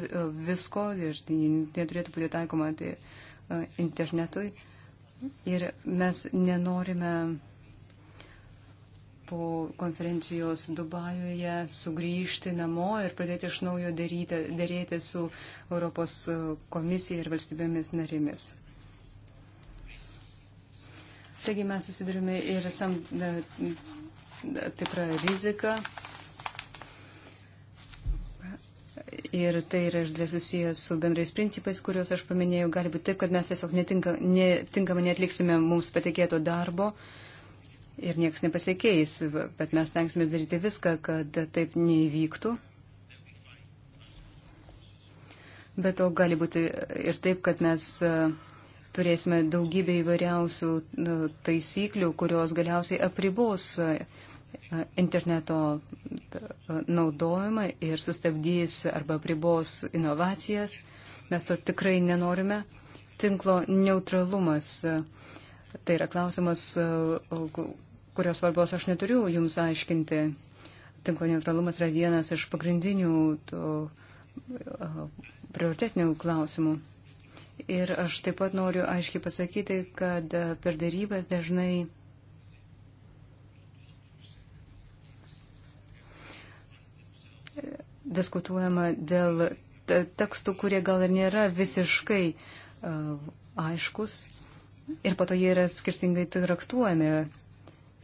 visko ir neturėtų būti taikoma tai, internetui. Ir mes nenorime po konferencijos Dubajuje sugrįžti namo ir pradėti iš naujo daryti, daryti su Europos e, komisija ir valstybėmis narimis. Taigi mes susidurime ir sam e, tikrą riziką. Ir tai yra išdėlė susijęs su bendrais principais, kuriuos aš paminėjau. Gali būti taip, kad mes tiesiog netinka, netinkamai netliksime mums patikėto darbo. Uh, ir niekas nepasikeis, bet mes tenksimės daryti viską, kad taip neįvyktų. Bet to gali būti ir taip, kad mes e, turėsime daugybę įvairiausių e, taisyklių, kurios galiausiai apribos e, interneto naudojimą ir sustabdys arba apribos inovacijas. Mes to tikrai nenorime. Tinklo neutralumas Tai yra klausimas, e, kurios svarbos aš neturiu jums aiškinti. Tinklo neutralumas yra vienas iš pagrindinių to, e, prioritetinių klausimų. Ir aš taip pat noriu aiškiai pasakyti, kad e, per darybas dažnai diskutuojama dėl tekstų, kurie gal ir nėra visiškai uh, aiškus. Uh, ir po to jie yra skirtingai traktuojami.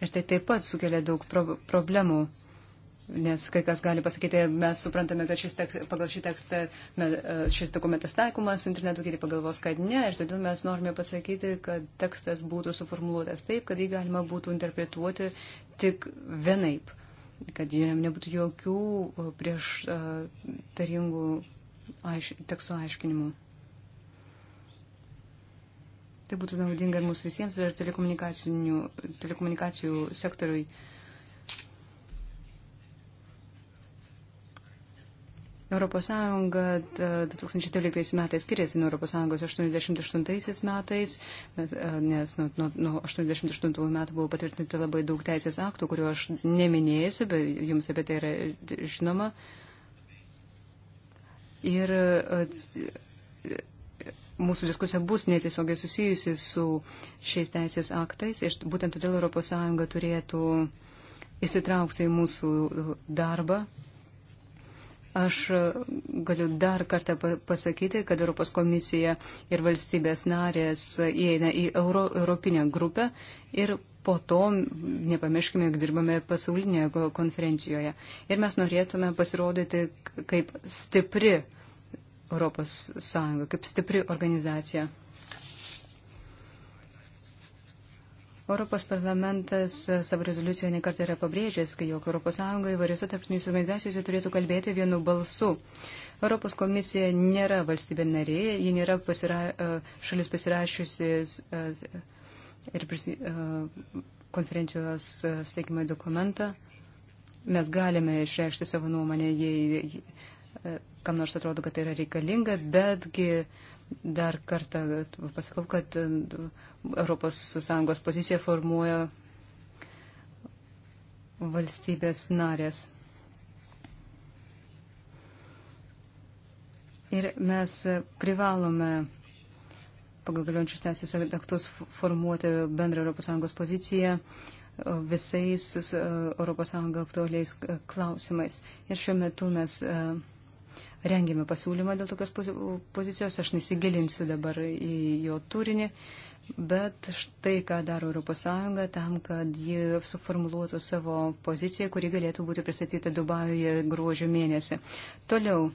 Ir tai taip pat sukelia daug pro problemų. Nes kai kas gali pasakyti, mes suprantame, kad šis tek, pagal šį tekstą e, šis dokumentas taikomas, internetu kiti pagalvos, kad ne, ir todėl mes norime pasakyti, kad tekstas būtų suformuoluotas taip, kad jį galima būtų interpretuoti tik vienaip, kad jam nebūtų jokių prieš e, taringų aiš, teksto aiškinimų. Tai būtų naudinga ir mūsų visiems, ir telekomunikacijų sektoriui. Europos Sąjunga 2013 metais skiriasi nuo Europos Sąjungos 88 metais, e, nes nuo, nuo, nuo 88 metų buvo patvirtinti labai daug teisės aktų, kuriuo aš neminėsiu, bet jums apie tai yra žinoma. Ir e, mūsų diskusija bus netiesiogiai susijusi su šiais teisės aktais ir būtent todėl ES turėtų įsitraukti į mūsų darbą. Aš e, galiu dar kartą pasakyti, kad Europos komisija ir valstybės narės įeina į Euro, Europinę grupę ir po to, nepamirškime, jog dirbame pasaulinėje konferencijoje. Ir mes norėtume pasirodyti kaip stipri uh, Europos Sąjungą, kaip stipri organizacija. Europos parlamentas savo rezoliucijoje nekartą yra pabrėžęs, jog ES įvairiose tarptautinėse organizacijose turėtų kalbėti vienu balsu. Europos komisija nėra valstybė narė, ji nėra pasira, e, šalis pasirašiusi e, ir prisi, e, konferencijos steigimo dokumentą. Mes galime išreikšti savo nuomonę, jei kam nors atrodo, kad tai yra reikalinga, betgi dar kartą pasakau, kad ES poziciją formuoja valstybės narės. Ir mes privalome pagal galiojančius teisės aktus formuoti bendrą ES poziciją e, visais ES aktualiais e, klausimais. Ir šiuo metu mes uh, rengėme pasiūlymą dėl tokios pozicijos, aš nesigilinsiu dabar į jo turinį, bet štai ką daro ES tam, kad ji suformuluotų savo poziciją, kuri galėtų būti pristatyta Dubajuje gruožio mėnesį. Toliau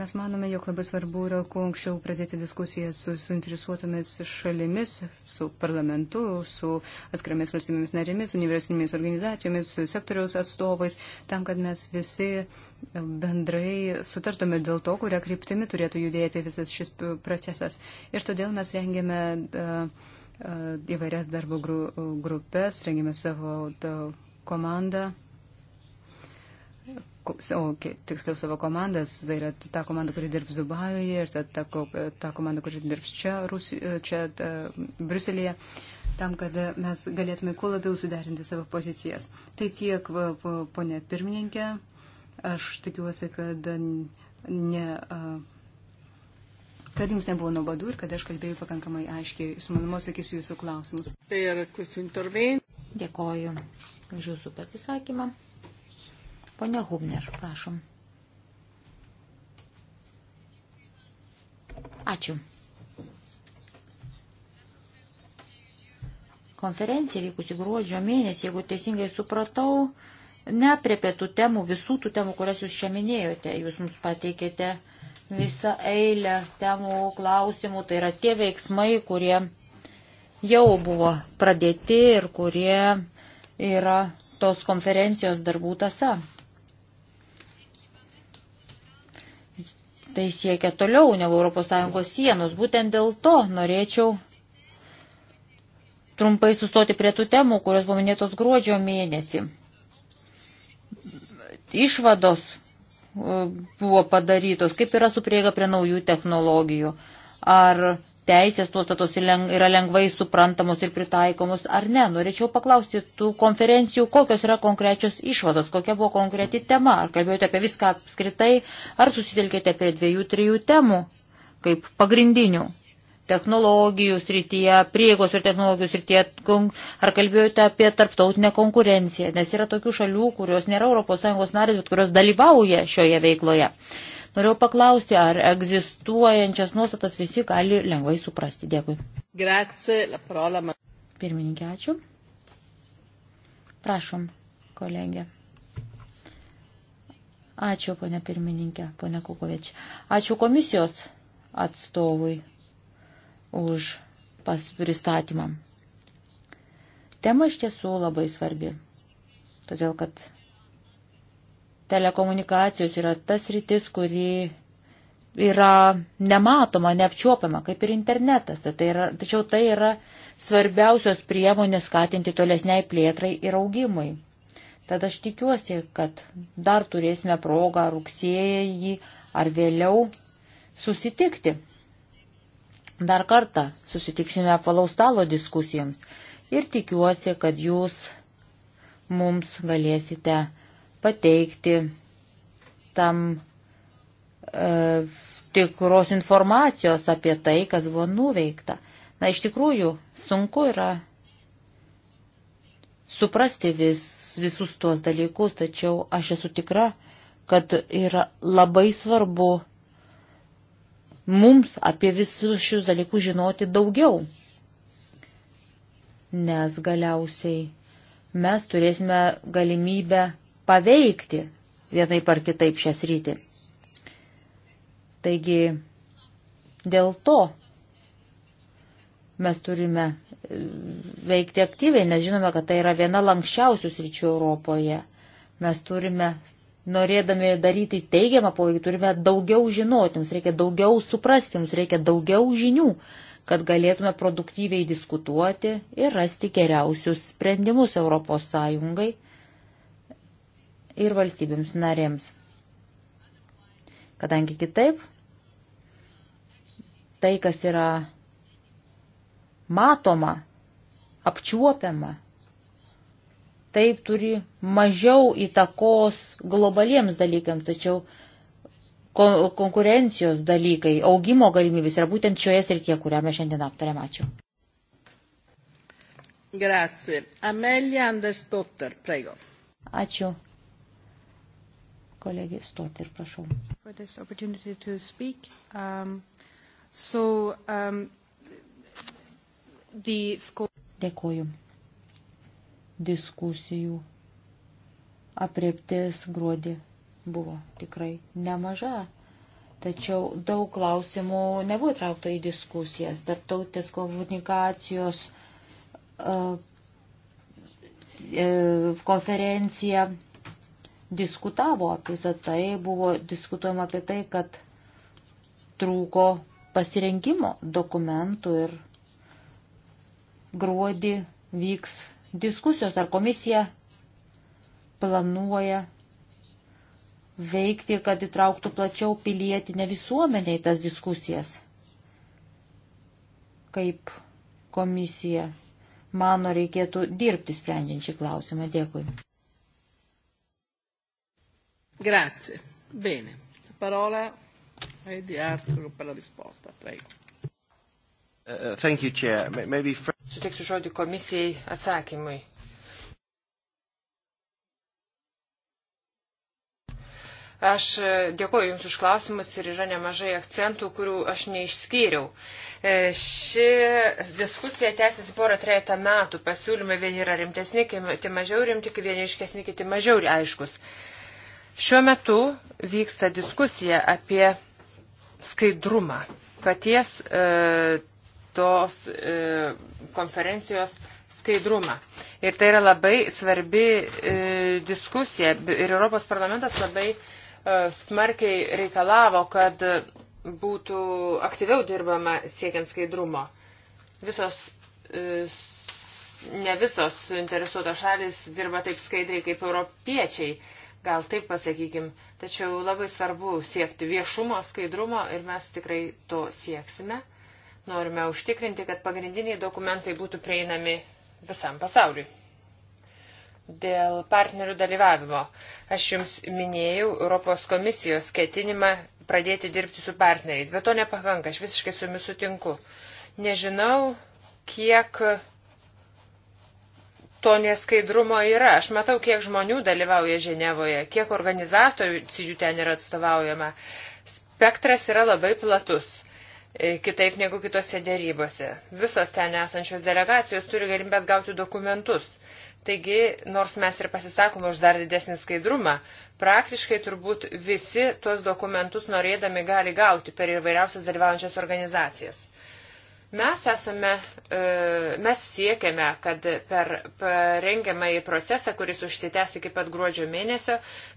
Mes manome, jog labai svarbu yra kuo anksčiau pradėti diskusiją su suinteresuotomis šalimis, su parlamentu, su atskiramis valstybėmis narėmis, universinėmis organizacijomis, su sektoriaus atstovais, tam, kad mes visi e, bendrai sutartume dėl to, kuria kryptimi turėtų judėti visas šis procesas. Ir todėl mes rengėme e, e, įvairias darbo grupės, rengėme savo komandą o tiksliau savo komandas, tai yra ta komanda, kuri dirbs Dubajuje ir ta, ta, ta komanda, kuri dirbs čia, Rusi, čia ta, Bruselėje, tam, kad mes galėtume kuo labiau suderinti savo pozicijas. Tai tiek, ponė pirmininkė, aš tikiuosi, kad, ne, kad jums nebuvo nuobodu ir kad aš kalbėjau pakankamai aiškiai, su manimu sakysiu jūsų klausimus. Dėkoju už jūsų pasisakymą. Pone Hubner, prašom. Ačiū. Konferencija vykusi gruodžio mėnesį, jeigu teisingai supratau, neapriepė tų temų, visų tų temų, kurias jūs čia minėjote. Jūs mums pateikėte visą eilę temų, klausimų. Tai yra tie veiksmai, kurie jau buvo pradėti ir kurie yra tos konferencijos darbų tasa. tai siekia toliau negu ES sienos. Būtent dėl to norėčiau trumpai sustoti prie tų temų, kurios paminėtos gruodžio mėnesį. Išvados uh, buvo padarytos, kaip yra su prieiga prie naujų technologijų, ar teisės nuostatos yra lengvai suprantamos ir pritaikomos ar ne. Norėčiau paklausti tų konferencijų, kokios yra konkrečios išvados, kokia buvo konkreti tema. Ar kalbėjote apie viską apskritai, ar susitelkėte prie dviejų, trijų temų kaip pagrindinių technologijų srityje, prieigos ir technologijų srityje, ar kalbėjote apie tarptautinę konkurenciją, nes yra tokių šalių, kurios nėra ES narės, bet kurios dalyvauja šioje veikloje. Uh, Norėjau paklausti, ar egzistuojančias nuostatas visi gali lengvai suprasti. Dėkui. Grazie, la parola. Pirmininkė, ačiū. Prašom, kolegė. Ačiū, ponė pirmininkė, ponė Kukovič. Ačiū komisijos atstovui už pristatymą. Tema iš tiesų labai svarbi, todėl kad Telekomunikacijos yra tas rytis, kuri yra nematoma, neapčiuopama, kaip ir internetas. Tai yra, tačiau tai yra svarbiausios priemonės skatinti tolesniai plėtrai ir augimui. Tad aš tikiuosi, kad dar turėsime progą rugsėjį ar vėliau susitikti. Dar kartą susitiksime apvalaus stalo diskusijoms ir tikiuosi, kad jūs mums galėsite pateikti tam e, tikros informacijos apie tai, kas buvo nuveikta. Na, iš tikrųjų, sunku yra suprasti vis, visus tuos dalykus, tačiau aš esu tikra, kad yra labai svarbu mums apie visus šius dalykus žinoti daugiau. Nes galiausiai mes turėsime galimybę paveikti vienai par kitaip šią sritį. Taigi dėl to mes turime e, veikti aktyviai, nes žinome, kad tai yra viena lankščiausių sričių Europoje. Mes turime, norėdami daryti teigiamą poveikį, turime daugiau žinoti, mums reikia daugiau suprasti, mums reikia daugiau žinių, kad galėtume produktyviai diskutuoti ir rasti geriausius sprendimus Europos Sąjungai ir valstybėms narėms. Kadangi kitaip, tai, kas yra matoma, apčiuopiama, tai turi mažiau įtakos globaliems dalykams, tačiau konkurencijos dalykai, augimo galimybės yra būtent šioje srityje, kurią mes šiandien aptarėm. Ačiū. Grazie. Amelia Andersdotter, prego. Ačiū. Kolegė Stotir, prašau. Um, so, um, the... Dėkoju. Diskusijų apreptis gruodį buvo tikrai nemaža. Tačiau daug klausimų nebuvo traukta į diskusijas. Tarptautės komunikacijos uh, e, konferencija diskutavo apie visą tai, buvo diskutuojama apie tai, kad trūko pasirengimo dokumentų ir gruodį vyks diskusijos, ar komisija planuoja veikti, kad įtrauktų plačiau pilietinę visuomenę į tas diskusijas. Kaip komisija mano reikėtų dirbti sprendžiant šį klausimą. Dėkui. Grazie. Bene. La parola a Eddie Arthur per la risposta. Prego. Uh, uh thank you, Chair. Maybe... Suteiksiu žodį komisijai atsakymui. Aš uh, dėkuoju Jums už klausimus ir yra nemažai akcentų, kurių aš neišskyriau. Uh, ši diskusija tęsiasi porą trejata metų. Pasiūlymai vieni yra rimtesni, kiti mažiau rimti, kiti vieni iškesni, kiti mažiau aiškus. Uh, Šiuo metu vyksta diskusija apie skaidrumą paties e, tos e, konferencijos skaidrumą. Ir tai yra labai svarbi e, diskusija. Ir Europos parlamentas labai e, smarkiai reikalavo, kad būtų aktyviau dirbama siekiant skaidrumo. Visos, e, ne visos suinteresuotos šalis dirba taip skaidriai kaip europiečiai gal taip pasakykim, tačiau labai svarbu siekti viešumo, skaidrumo ir mes tikrai to sieksime. Norime užtikrinti, kad pagrindiniai dokumentai būtų prieinami visam pasauliui. Dėl partnerių dalyvavimo. Aš Jums minėjau Europos komisijos ketinimą pradėti dirbti su partneriais, bet to nepakanka, aš visiškai su Jumis sutinku. Nežinau, kiek to neskaidrumo yra. Aš matau, kiek žmonių dalyvauja Ženevoje, kiek organizatorių ten yra atstovaujama. Spektras yra labai platus, e, kitaip negu kitose dėrybose. Visos ten esančios delegacijos turi galimybės gauti dokumentus. Taigi, nors mes ir pasisakome už dar didesnį skaidrumą, praktiškai turbūt visi tuos dokumentus norėdami gali gauti per įvairiausias dalyvaujančias organizacijas. Mes esame, e, mes siekiame, kad per rengiamąjį procesą, kuris užsitęs iki pat gruodžio mėnesio,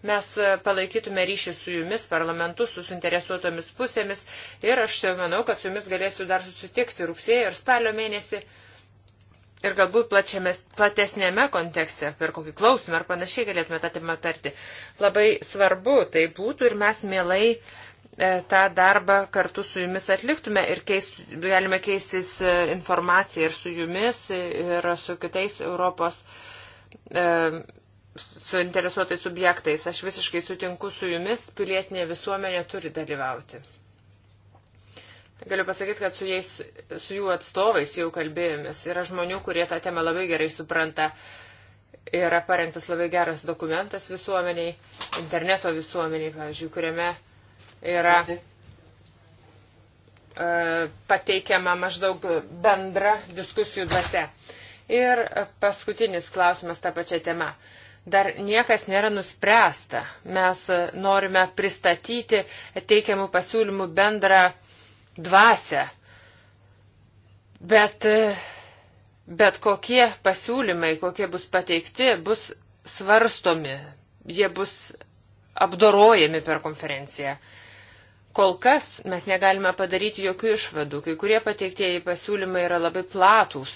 mes palaikytume ryšį su jumis, parlamentu, su suinteresuotomis pusėmis ir aš manau, kad su jumis galėsiu dar susitikti rugsėjo ir spalio mėnesį ir galbūt platesnėme kontekste, per kokį klausimą ar panašiai galėtume tą temą tarti. Labai svarbu tai būtų ir mes mielai E, tą darbą kartu su jumis atliktume ir keist, galime keistis e, informaciją ir su jumis, ir su kitais Europos e, suinteresuotais subjektais. Aš visiškai sutinku su jumis, pilietinė visuomenė turi dalyvauti. Galiu pasakyti, kad su, jais, su jų atstovais jau kalbėjomės. Yra žmonių, kurie tą temą labai gerai supranta. Yra parengtas labai geras dokumentas visuomeniai, interneto visuomeniai, pavyzdžiui, kuriame yra e, pateikiama maždaug bendra diskusijų dvasia. Ir paskutinis klausimas tą pačią temą. Dar niekas nėra nuspręsta. Mes norime pristatyti teikiamų pasiūlymų bendrą dvasę. Bet, bet kokie pasiūlymai, kokie bus pateikti, bus svarstomi. Jie bus apdorojami per konferenciją. Kol kas mes negalime padaryti jokių išvadų. Kai kurie pateiktieji pasiūlymai yra labai platūs,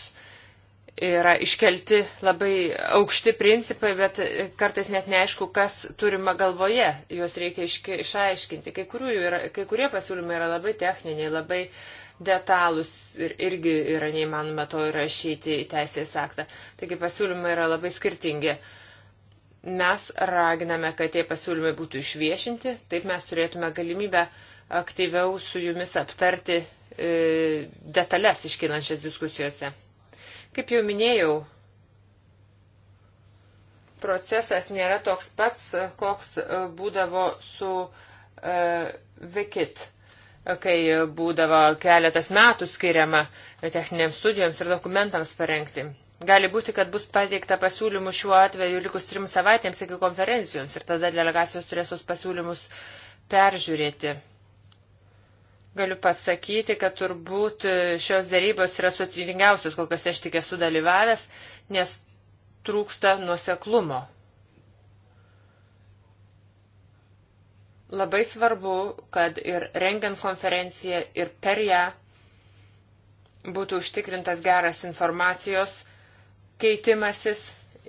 yra iškelti labai aukšti principai, bet kartais net neaišku, kas turima galvoje. Juos reikia išaiškinti. Kai, yra, kai kurie pasiūlymai yra labai techniniai, labai detalus ir irgi yra neįmanoma to įrašyti į teisės aktą. Taigi pasiūlymai yra labai skirtingi. Uh, Mes raginame, kad tie pasiūlymai būtų išviešinti, taip mes turėtume galimybę aktyviau su jumis aptarti e, detalės iškilančias diskusijose. Kaip jau minėjau, procesas nėra toks pats, koks būdavo su uh, e, Vikit, kai būdavo keletas metų skiriama techniniams studijoms ir dokumentams parengti. Gali būti, kad bus pateikta pasiūlymų šiuo atveju likus trim savaitėms iki konferencijoms ir tada delegacijos turės tos pasiūlymus peržiūrėti. Galiu pasakyti, kad turbūt šios dėrybos yra sudėtingiausios, kokias aš tik esu dalyvavęs, nes trūksta nuoseklumo. Labai svarbu, kad ir rengiant konferenciją, ir per ją būtų užtikrintas geras informacijos, keitimasis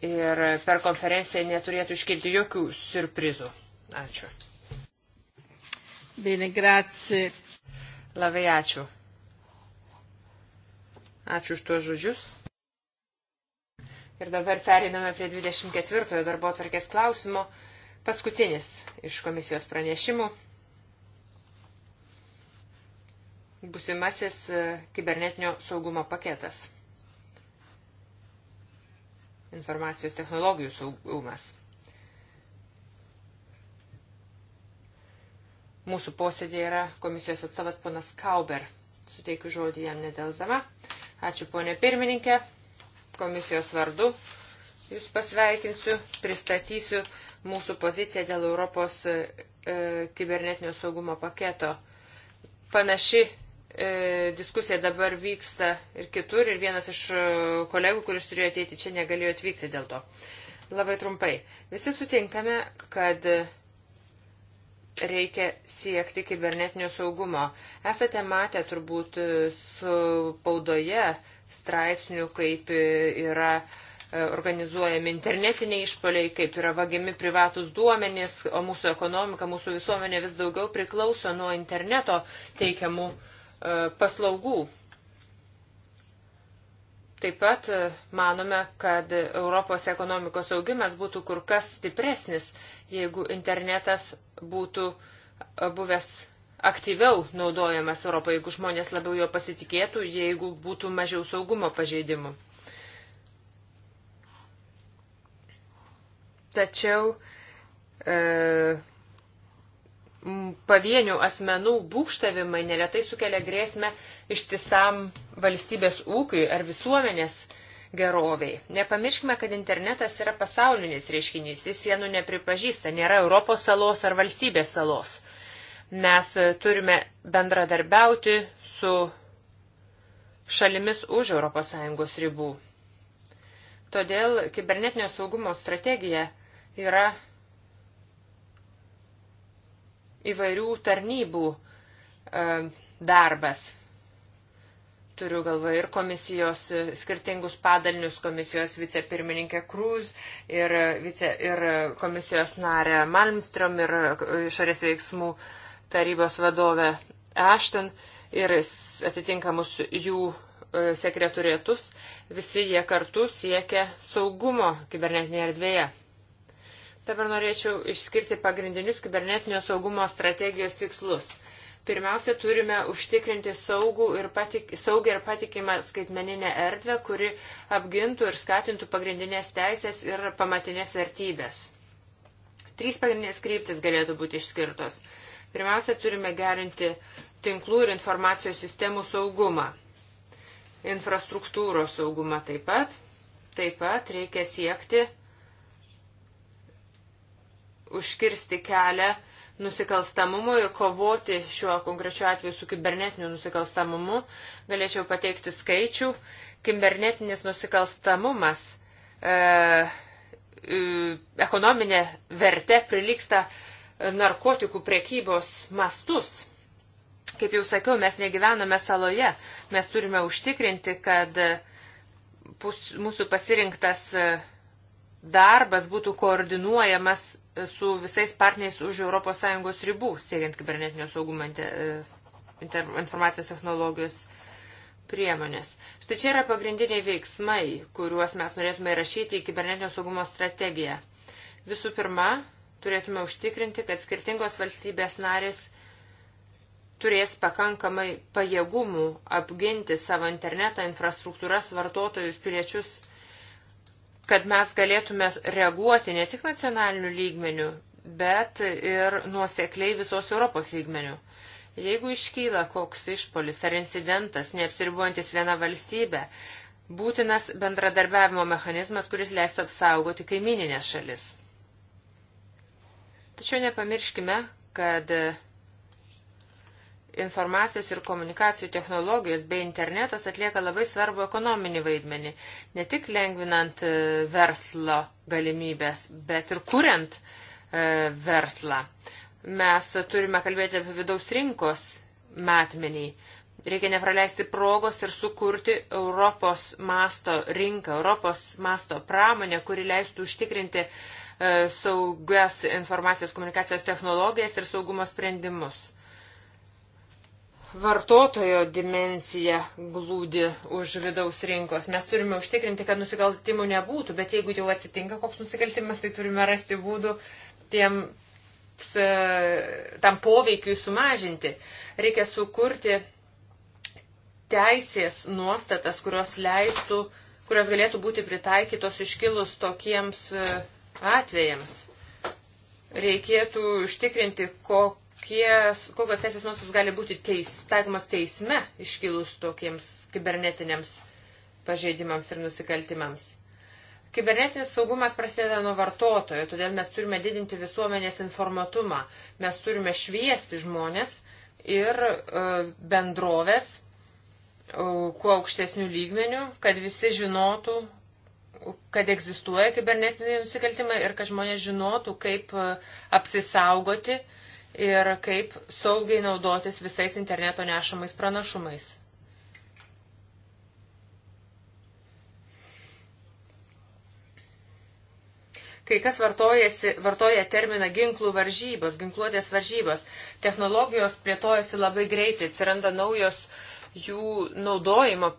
ir per konferenciją neturėtų iškilti jokių surprizų. Ačiū. Bene, grazie. Labai ačiū. Ačiū už tuos žodžius. Ir dabar periname prie 24 darbo atvarkės klausimo. Paskutinis iš komisijos pranešimų. Busimasis e, kibernetinio saugumo paketas informacijos technologijų saugumas. Mūsų posėdė yra komisijos atstovas ponas Kauber. Suteikiu žodį jam nedelsdama. Ačiū ponė pirmininkė. Komisijos vardu jūs pasveikinsiu, pristatysiu mūsų poziciją dėl Europos e, kibernetinio saugumo paketo. Panaši E, diskusija dabar vyksta ir kitur, ir vienas iš e, kolegų, kuris turėjo ateiti čia, negalėjo atvykti dėl to. Labai trumpai. Visi sutinkame, kad reikia siekti kibernetinio saugumo. Esate matę turbūt spaudoje straipsnių, kaip yra e, organizuojami internetiniai išpoliai, kaip yra vagiami privatus duomenys, o mūsų ekonomika, mūsų visuomenė vis daugiau priklauso nuo interneto teikiamų uh, E, paslaugų. Taip pat e, manome, kad Europos ekonomikos augimas būtų kur kas stipresnis, jeigu internetas būtų e, buvęs aktyviau naudojamas Europoje, jeigu žmonės labiau jo pasitikėtų, jeigu būtų mažiau saugumo pažeidimų. Tačiau e, pavienių asmenų būkštavimai neretai sukelia grėsmę ištisam valstybės ūkiui ar visuomenės geroviai. Nepamirškime, kad internetas yra pasaulinis reiškinys, jis sienų nepripažįsta, nėra Europos salos ar valstybės salos. Mes e, turime bendradarbiauti su šalimis už ES ribų. Todėl kibernetinio saugumo strategija yra įvairių tarnybų e, darbas. Turiu galvoje ir komisijos e, skirtingus padalinius, komisijos vicepirmininkė Krūz ir, e, vice, ir komisijos narė Malmstrom ir išorės veiksmų tarybos vadovė Ashton ir atitinkamus jų sekretorietus. Visi jie kartu siekia saugumo kibernetinėje erdvėje. Dabar norėčiau išskirti pagrindinius kibernetinio saugumo strategijos tikslus. Pirmiausia, turime užtikrinti saugų ir patik, saugį ir patikimą skaitmeninę erdvę, kuri apgintų ir skatintų pagrindinės teisės ir pamatinės vertybės. Trys pagrindinės kryptis galėtų būti išskirtos. Pirmiausia, turime gerinti tinklų ir informacijos sistemų saugumą, infrastruktūros saugumą taip pat. Taip pat reikia siekti užkirsti kelią nusikalstamumu ir kovoti šiuo konkrečiu atveju su kibernetiniu nusikalstamumu. Galėčiau pateikti skaičių. Kibernetinis nusikalstamumas e, e, ekonominė verte priliksta narkotikų priekybos mastus. Kaip jau sakiau, mes negyvename saloje. Mes turime užtikrinti, kad pus, mūsų pasirinktas e, darbas būtų koordinuojamas su visais partneriais už ES ribų, siekiant kibernetinio saugumo e, informacijos technologijos priemonės. Štai čia yra pagrindiniai veiksmai, kuriuos mes norėtume įrašyti į kibernetinio saugumo strategiją. Visų pirma, turėtume užtikrinti, kad skirtingos valstybės narės turės pakankamai pajėgumų apginti savo internetą, infrastruktūras, vartotojus, piliečius kad mes galėtume reaguoti ne tik nacionaliniu lygmeniu, bet ir nuosekliai visos Europos lygmeniu. Jeigu iškyla koks išpolis ar incidentas, neapsiribuojantis vieną valstybę, būtinas bendradarbiavimo mechanizmas, kuris leistų apsaugoti kaimininės šalis. Tačiau nepamirškime, kad informacijos ir komunikacijų technologijos bei internetas atlieka labai svarbu ekonominį vaidmenį, ne tik lengvinant e, verslo galimybės, bet ir kuriant e, verslą. Mes turime kalbėti apie vidaus rinkos metmenį. Reikia nepraleisti progos ir sukurti Europos masto rinką, Europos masto pramonę, kuri leistų užtikrinti e, saugias informacijos komunikacijos technologijas ir saugumo sprendimus vartotojo dimencija glūdi už vidaus rinkos. Mes turime užtikrinti, kad nusikaltimų nebūtų, bet jeigu jau atsitinka koks nusikaltimas, tai turime rasti būdų tiem, tam poveikiui sumažinti. Reikia sukurti teisės nuostatas, kurios, leistų, kurios galėtų būti pritaikytos iškilus tokiems e, atvejams. Reikėtų užtikrinti, kokį kokies, kokios teisės nuostatos gali būti teis, taikomas teisme iškilus tokiems kibernetiniams pažeidimams ir nusikaltimams. Kibernetinis saugumas prasideda nuo vartotojo, todėl mes turime didinti visuomenės informatumą, mes turime šviesti žmonės ir e, bendrovės e, kuo aukštesnių lygmenių, kad visi žinotų, kad egzistuoja kibernetiniai nusikaltimai ir kad žmonės žinotų, kaip e, apsisaugoti ir kaip saugiai naudotis visais interneto nešamais pranašumais. Kai kas vartoja terminą ginklų varžybos, ginkluotės varžybos, technologijos plėtojasi labai greitai, atsiranda naujos jų naudojimo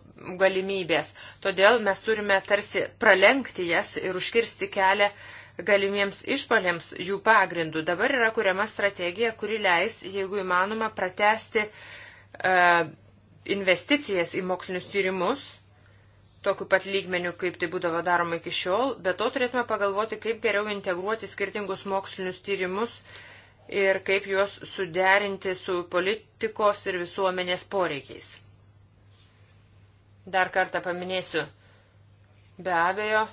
galimybės. Todėl mes turime tarsi pralenkti jas ir užkirsti kelią uh, galimiems išpalėms jų pagrindų. Dabar yra kuriama strategija, kuri leis, jeigu įmanoma, pratesti uh, investicijas į mokslinius tyrimus, tokiu pat lygmeniu, kaip tai būdavo daroma iki šiol, bet to turėtume pagalvoti, kaip geriau integruoti skirtingus mokslinius tyrimus ir kaip juos suderinti su politikos ir visuomenės poreikiais. Dar kartą paminėsiu, be abejo,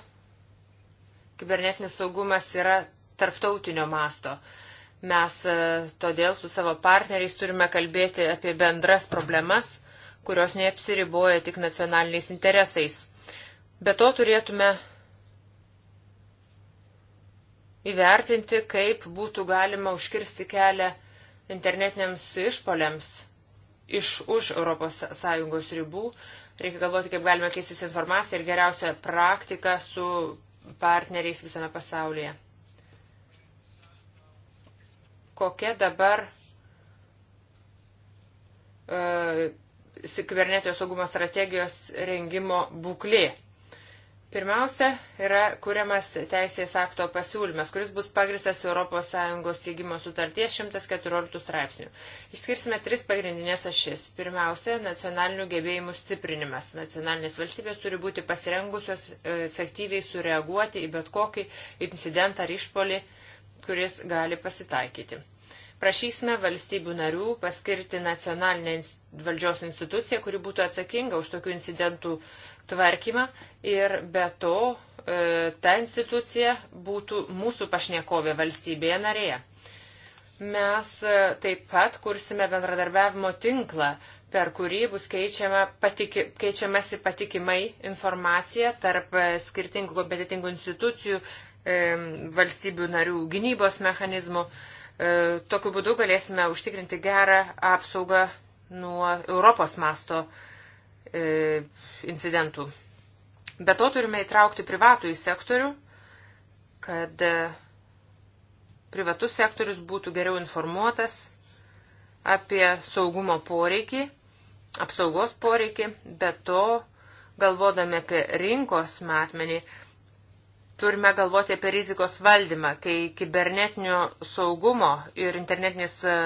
kibernetinis saugumas yra tarptautinio masto. Mes e, todėl su savo partneriais turime kalbėti apie bendras problemas, kurios neapsiriboja tik nacionaliniais interesais. Be to turėtume įvertinti, kaip būtų galima užkirsti kelią internetiniams išpoliams iš už ES ribų. Reikia galvoti, kaip galime keistis informaciją ir geriausią praktiką su partneriais visame pasaulyje. Kokia dabar e, kibernetinio saugumo strategijos rengimo būklė? Pirmiausia, yra kuriamas teisės akto pasiūlymas, kuris bus pagristas ES įgymo sutarties 114 straipsnių. Išskirsime tris pagrindinės ašis. Pirmiausia, nacionalinių gebėjimų stiprinimas. Nacionalinės valstybės turi būti pasirengusios e, efektyviai sureaguoti į bet kokį incidentą ar išpolį, kuris gali pasitaikyti. Prašysime valstybių narių paskirti nacionalinę valdžios instituciją, kuri būtų atsakinga už tokių incidentų tvarkymą ir be to e, ta institucija būtų mūsų pašnekovė valstybėje narėje. Mes e, taip pat kursime bendradarbiavimo tinklą, per kurį bus keičiama patiki, keičiamasi patikimai informacija tarp e, skirtingų kompetitingų institucijų, e, valstybių narių gynybos mechanizmų. E, tokiu būdu galėsime užtikrinti gerą apsaugą nuo Europos masto e, E, incidentų. Be to turime įtraukti privatų į sektorių, kad e, privatus sektorius būtų geriau informuotas apie saugumo poreikį, apsaugos poreikį, bet to, galvodami apie rinkos matmenį, turime galvoti apie rizikos valdymą, kai kibernetinio saugumo ir internetinės e,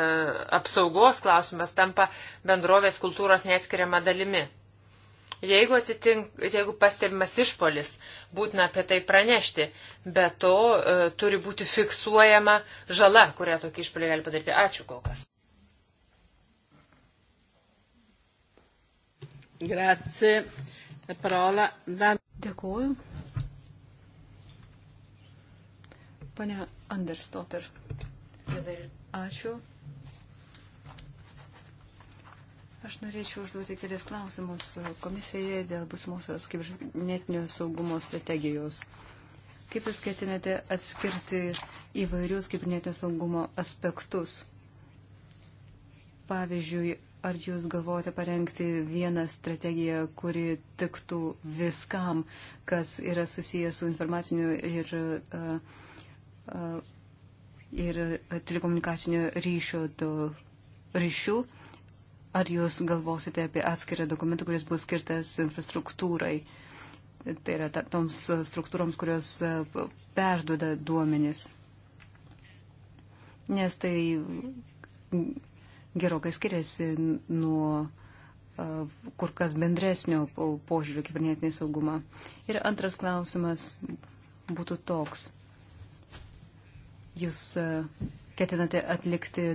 apsaugos klausimas tampa bendrovės kultūros neatskiriama dalimi. Jeigu, atsitink, jeigu pastebimas išpolis, būtina apie tai pranešti, bet to e, turi būti fiksuojama žala, kurią tokį išpolį gali padaryti. Ačiū kol kas. Grazie. Parola. Dan... Dėkuoju. Pane Anderstotter. Ačiū. Aš norėčiau užduoti kelias klausimus komisijai dėl busimosios kibernetinio saugumo strategijos. Kaip Jūs ketinate atskirti įvairius kibernetinio saugumo aspektus? Pavyzdžiui, ar Jūs galvojate parengti vieną strategiją, kuri tiktų viskam, kas yra susijęs su informaciniu ir, ir telekomunikacinio ryšio ryšiu? Ar jūs galvosite apie atskirą dokumentą, kuris bus skirtas infrastruktūrai? Tai yra ta, toms struktūroms, kurios e, perduoda duomenis. Nes tai gerokai skiriasi nuo e, kur kas bendresnio požiūrio kibernetinį saugumą. Ir antras klausimas būtų toks. Jūs e, ketinate atlikti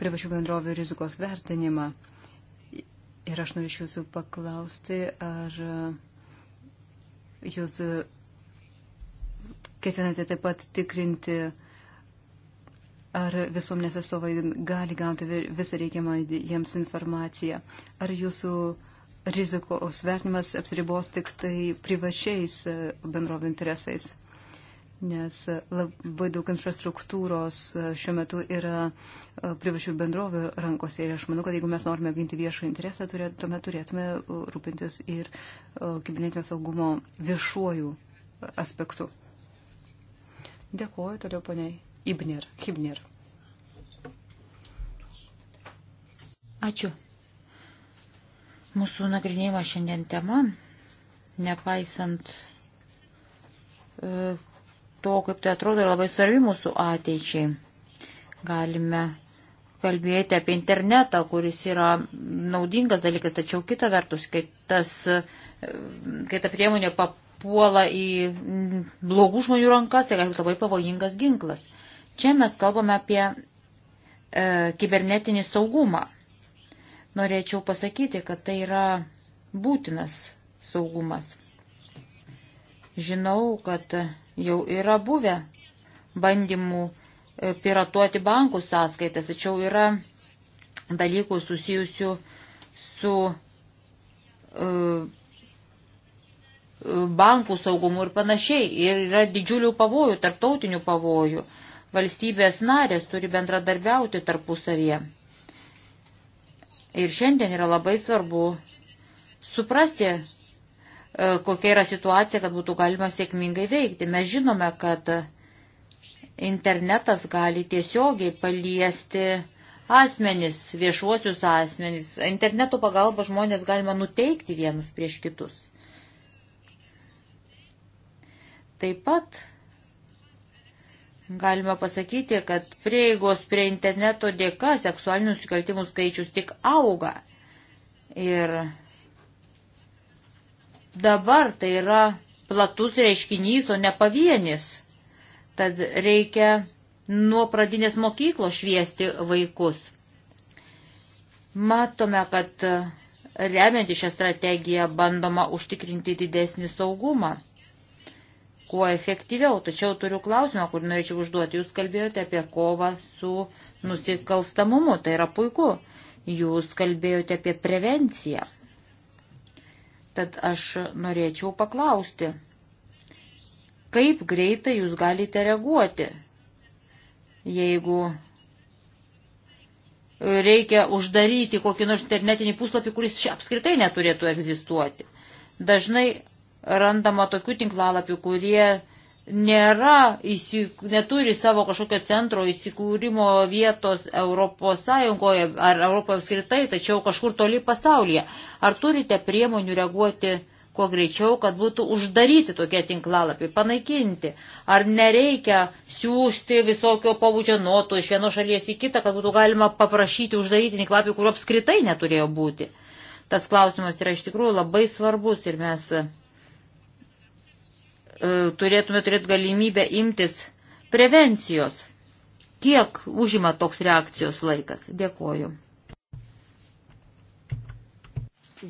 privačių bendrovių rizikos vertinimą. Ir aš norėčiau jūsų paklausti, ar jūs ketinate taip pat tikrinti, ar visuomenės atstovai gali gauti visą reikiamą jiems informaciją, ar jūsų rizikos vertinimas apsiribos tik tai privačiais bendrovių interesais nes e, labai daug infrastruktūros e, šiuo metu yra e, privačių bendrovių rankose ir aš manau, kad jeigu mes norime ginti viešą interesą, turėt, tuomet turėtume rūpintis ir kibernetinio saugumo viešuoju aspektu. Dėkuoju toliau poniai Ibner, Hibner. Ačiū. Mūsų nagrinėjimo šiandien tema, nepaisant e, to, kaip tai atrodo, yra labai svarbi mūsų ateičiai. Galime kalbėti apie internetą, kuris yra naudingas dalykas, tačiau kita vertus, kai, tas, kai ta priemonė papuola į blogų žmonių rankas, tai gali būti labai pavojingas ginklas. Čia mes kalbame apie e, kibernetinį saugumą. Norėčiau pasakyti, kad tai yra būtinas saugumas. Žinau, kad Jau yra buvę bandymų e, piratuoti bankų sąskaitas, tačiau yra dalykų susijusių su e, e, bankų saugumu ir panašiai. Ir yra didžiulių pavojų, tarptautinių pavojų. Valstybės narės turi bendradarbiauti tarpusavyje. Ir šiandien yra labai svarbu suprasti, E, kokia yra situacija, kad būtų galima sėkmingai veikti. Mes žinome, kad internetas gali tiesiogiai paliesti asmenis, viešuosius asmenis. Interneto pagalba žmonės galima nuteikti vienus prieš kitus. Taip pat galima pasakyti, kad prieigos prie interneto dėka seksualinių nusikaltimų skaičius tik auga. Ir dabar tai yra platus reiškinys, o ne pavienis. Tad reikia nuo pradinės mokyklos šviesti vaikus. Matome, kad remianti šią strategiją bandoma užtikrinti didesnį saugumą, kuo efektyviau. Tačiau turiu klausimą, kur norėčiau užduoti. Jūs kalbėjote apie kovą su nusikalstamumu, tai yra puiku. Jūs kalbėjote apie prevenciją. Tad aš norėčiau paklausti, kaip greitai jūs galite reaguoti, jeigu reikia uždaryti kokį nors internetinį puslapį, kuris apskritai neturėtų egzistuoti. Dažnai randama tokių tinklalapių, kurie nėra, įsik, neturi savo kažkokio centro įsikūrimo vietos Europos Sąjungoje ar Europoje apskritai, tačiau kažkur toli pasaulyje. Ar turite priemonių reaguoti kuo greičiau, kad būtų uždaryti tokie tinklalapiai, panaikinti? Ar nereikia siūsti visokio pabudžio notų iš vienos šalies į kitą, kad būtų galima paprašyti uždaryti tinklalapių, kur apskritai neturėjo būti? Tas klausimas yra iš tikrųjų labai svarbus ir mes E, turėtume turėti galimybę imtis prevencijos. Kiek užima toks reakcijos laikas? Dėkoju.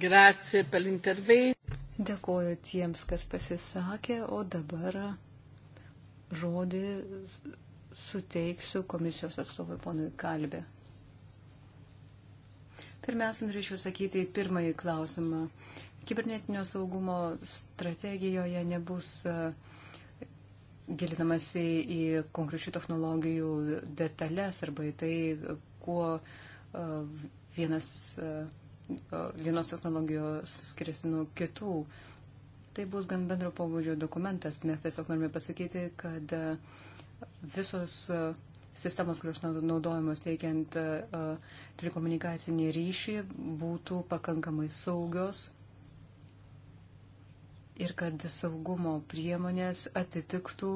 Grazie per l'intervento. Dėkoju tiems, kas pasisakė, o dabar žodį suteiksiu komisijos atstovui ponui Kalbė. Pirmiausia, norėčiau sakyti pirmąjį klausimą. Uh, Kibernetinio saugumo strategijoje nebus e, gilinamasi į konkrečių technologijų detalės arba į tai, kuo e, vienas, e, vienos technologijos skiriasi nuo kitų. Tai bus gan bendro pobūdžio dokumentas. Mes tiesiog norime pasakyti, kad visos sistemos, kurios naudojamos teikiant telekomunikacinį ryšį, būtų pakankamai saugios ir kad saugumo priemonės atitiktų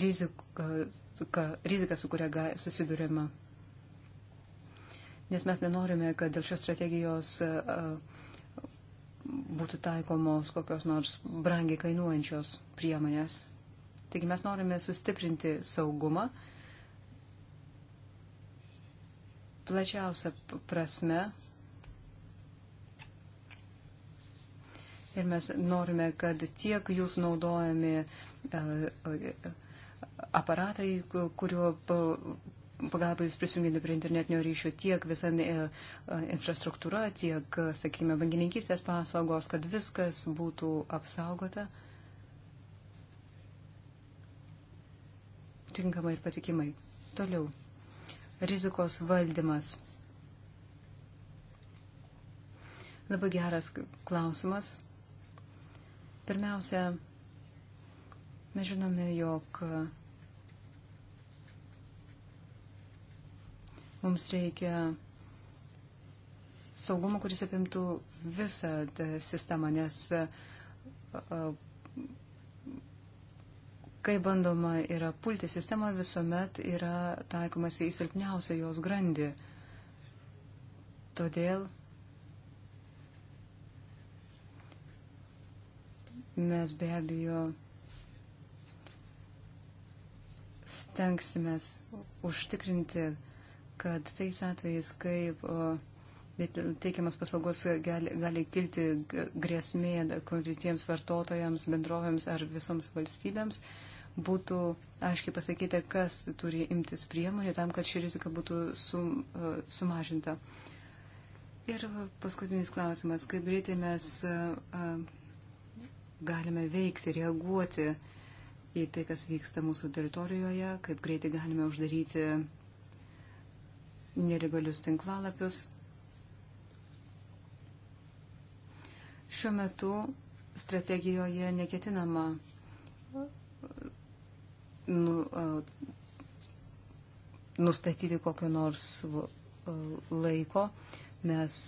riziką, riziką su kuria susidurima. Nes mes nenorime, kad dėl šios strategijos būtų taikomos kokios nors brangiai kainuojančios priemonės. Taigi mes norime sustiprinti saugumą plačiausią prasme Ir mes norime, kad tiek jūsų naudojami e, e, aparatai, kuriuo pagalba jūs prisijungėte prie internetinio ryšio, tiek visa e, infrastruktūra, tiek, sakykime, bankininkystės paslaugos, kad viskas būtų apsaugota tinkamai ir patikimai. Toliau. Rizikos valdymas. Labai geras klausimas. Pirmiausia, mes žinome, jog mums reikia saugumo, kuris apimtų visą sistemą, nes kai bandoma yra pulti sistemą, visuomet yra taikomasi į silpniausią jos grandį. Todėl mes be abejo stengsimės užtikrinti, kad tais atvejais, kai teikiamas paslaugos gali, gali kilti grėsmė konkretiems vartotojams, bendrovėms ar visoms valstybėms, būtų aiškiai pasakyta, kas turi imtis priemonių tam, kad ši rizika būtų sum, sumažinta. Ir paskutinis klausimas. Kaip greitai mes. Uh, uh, galime veikti, reaguoti į tai, kas vyksta mūsų teritorijoje, kaip greitai galime uždaryti nelegalius tinklalapius. Šiuo metu strategijoje neketinama nu, nustatyti kokio nors laiko. Mes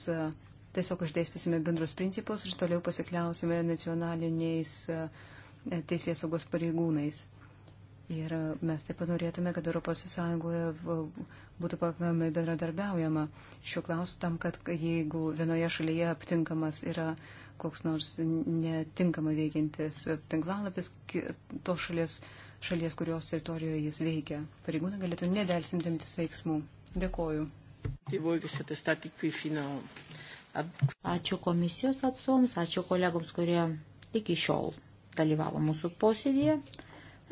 tiesiog išdėstysime bendrus principus ir toliau pasikliausime nacionaliniais e, teisės saugos pareigūnais. Ir e, mes taip pat norėtume, kad ES būtų pakankamai bendradarbiaujama šiuo klausimu tam, kad jeigu vienoje šalyje aptinkamas yra koks nors netinkamai veikiantis tinklalapis tos šalies, šalies kurios teritorijoje jis veikia, pareigūnai galėtų nedelsintimtis veiksmų. Dėkoju. Tai buvo, kad esate tik fino Ačiū komisijos atstovams, ačiū kolegoms, kurie iki šiol dalyvavo mūsų posėdėje.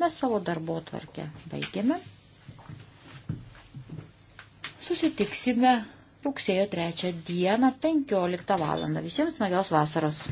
Mes savo darbo tvarkę baigėme. Susitiksime rugsėjo 3 dieną 15 val. Visiems smagios vasaros.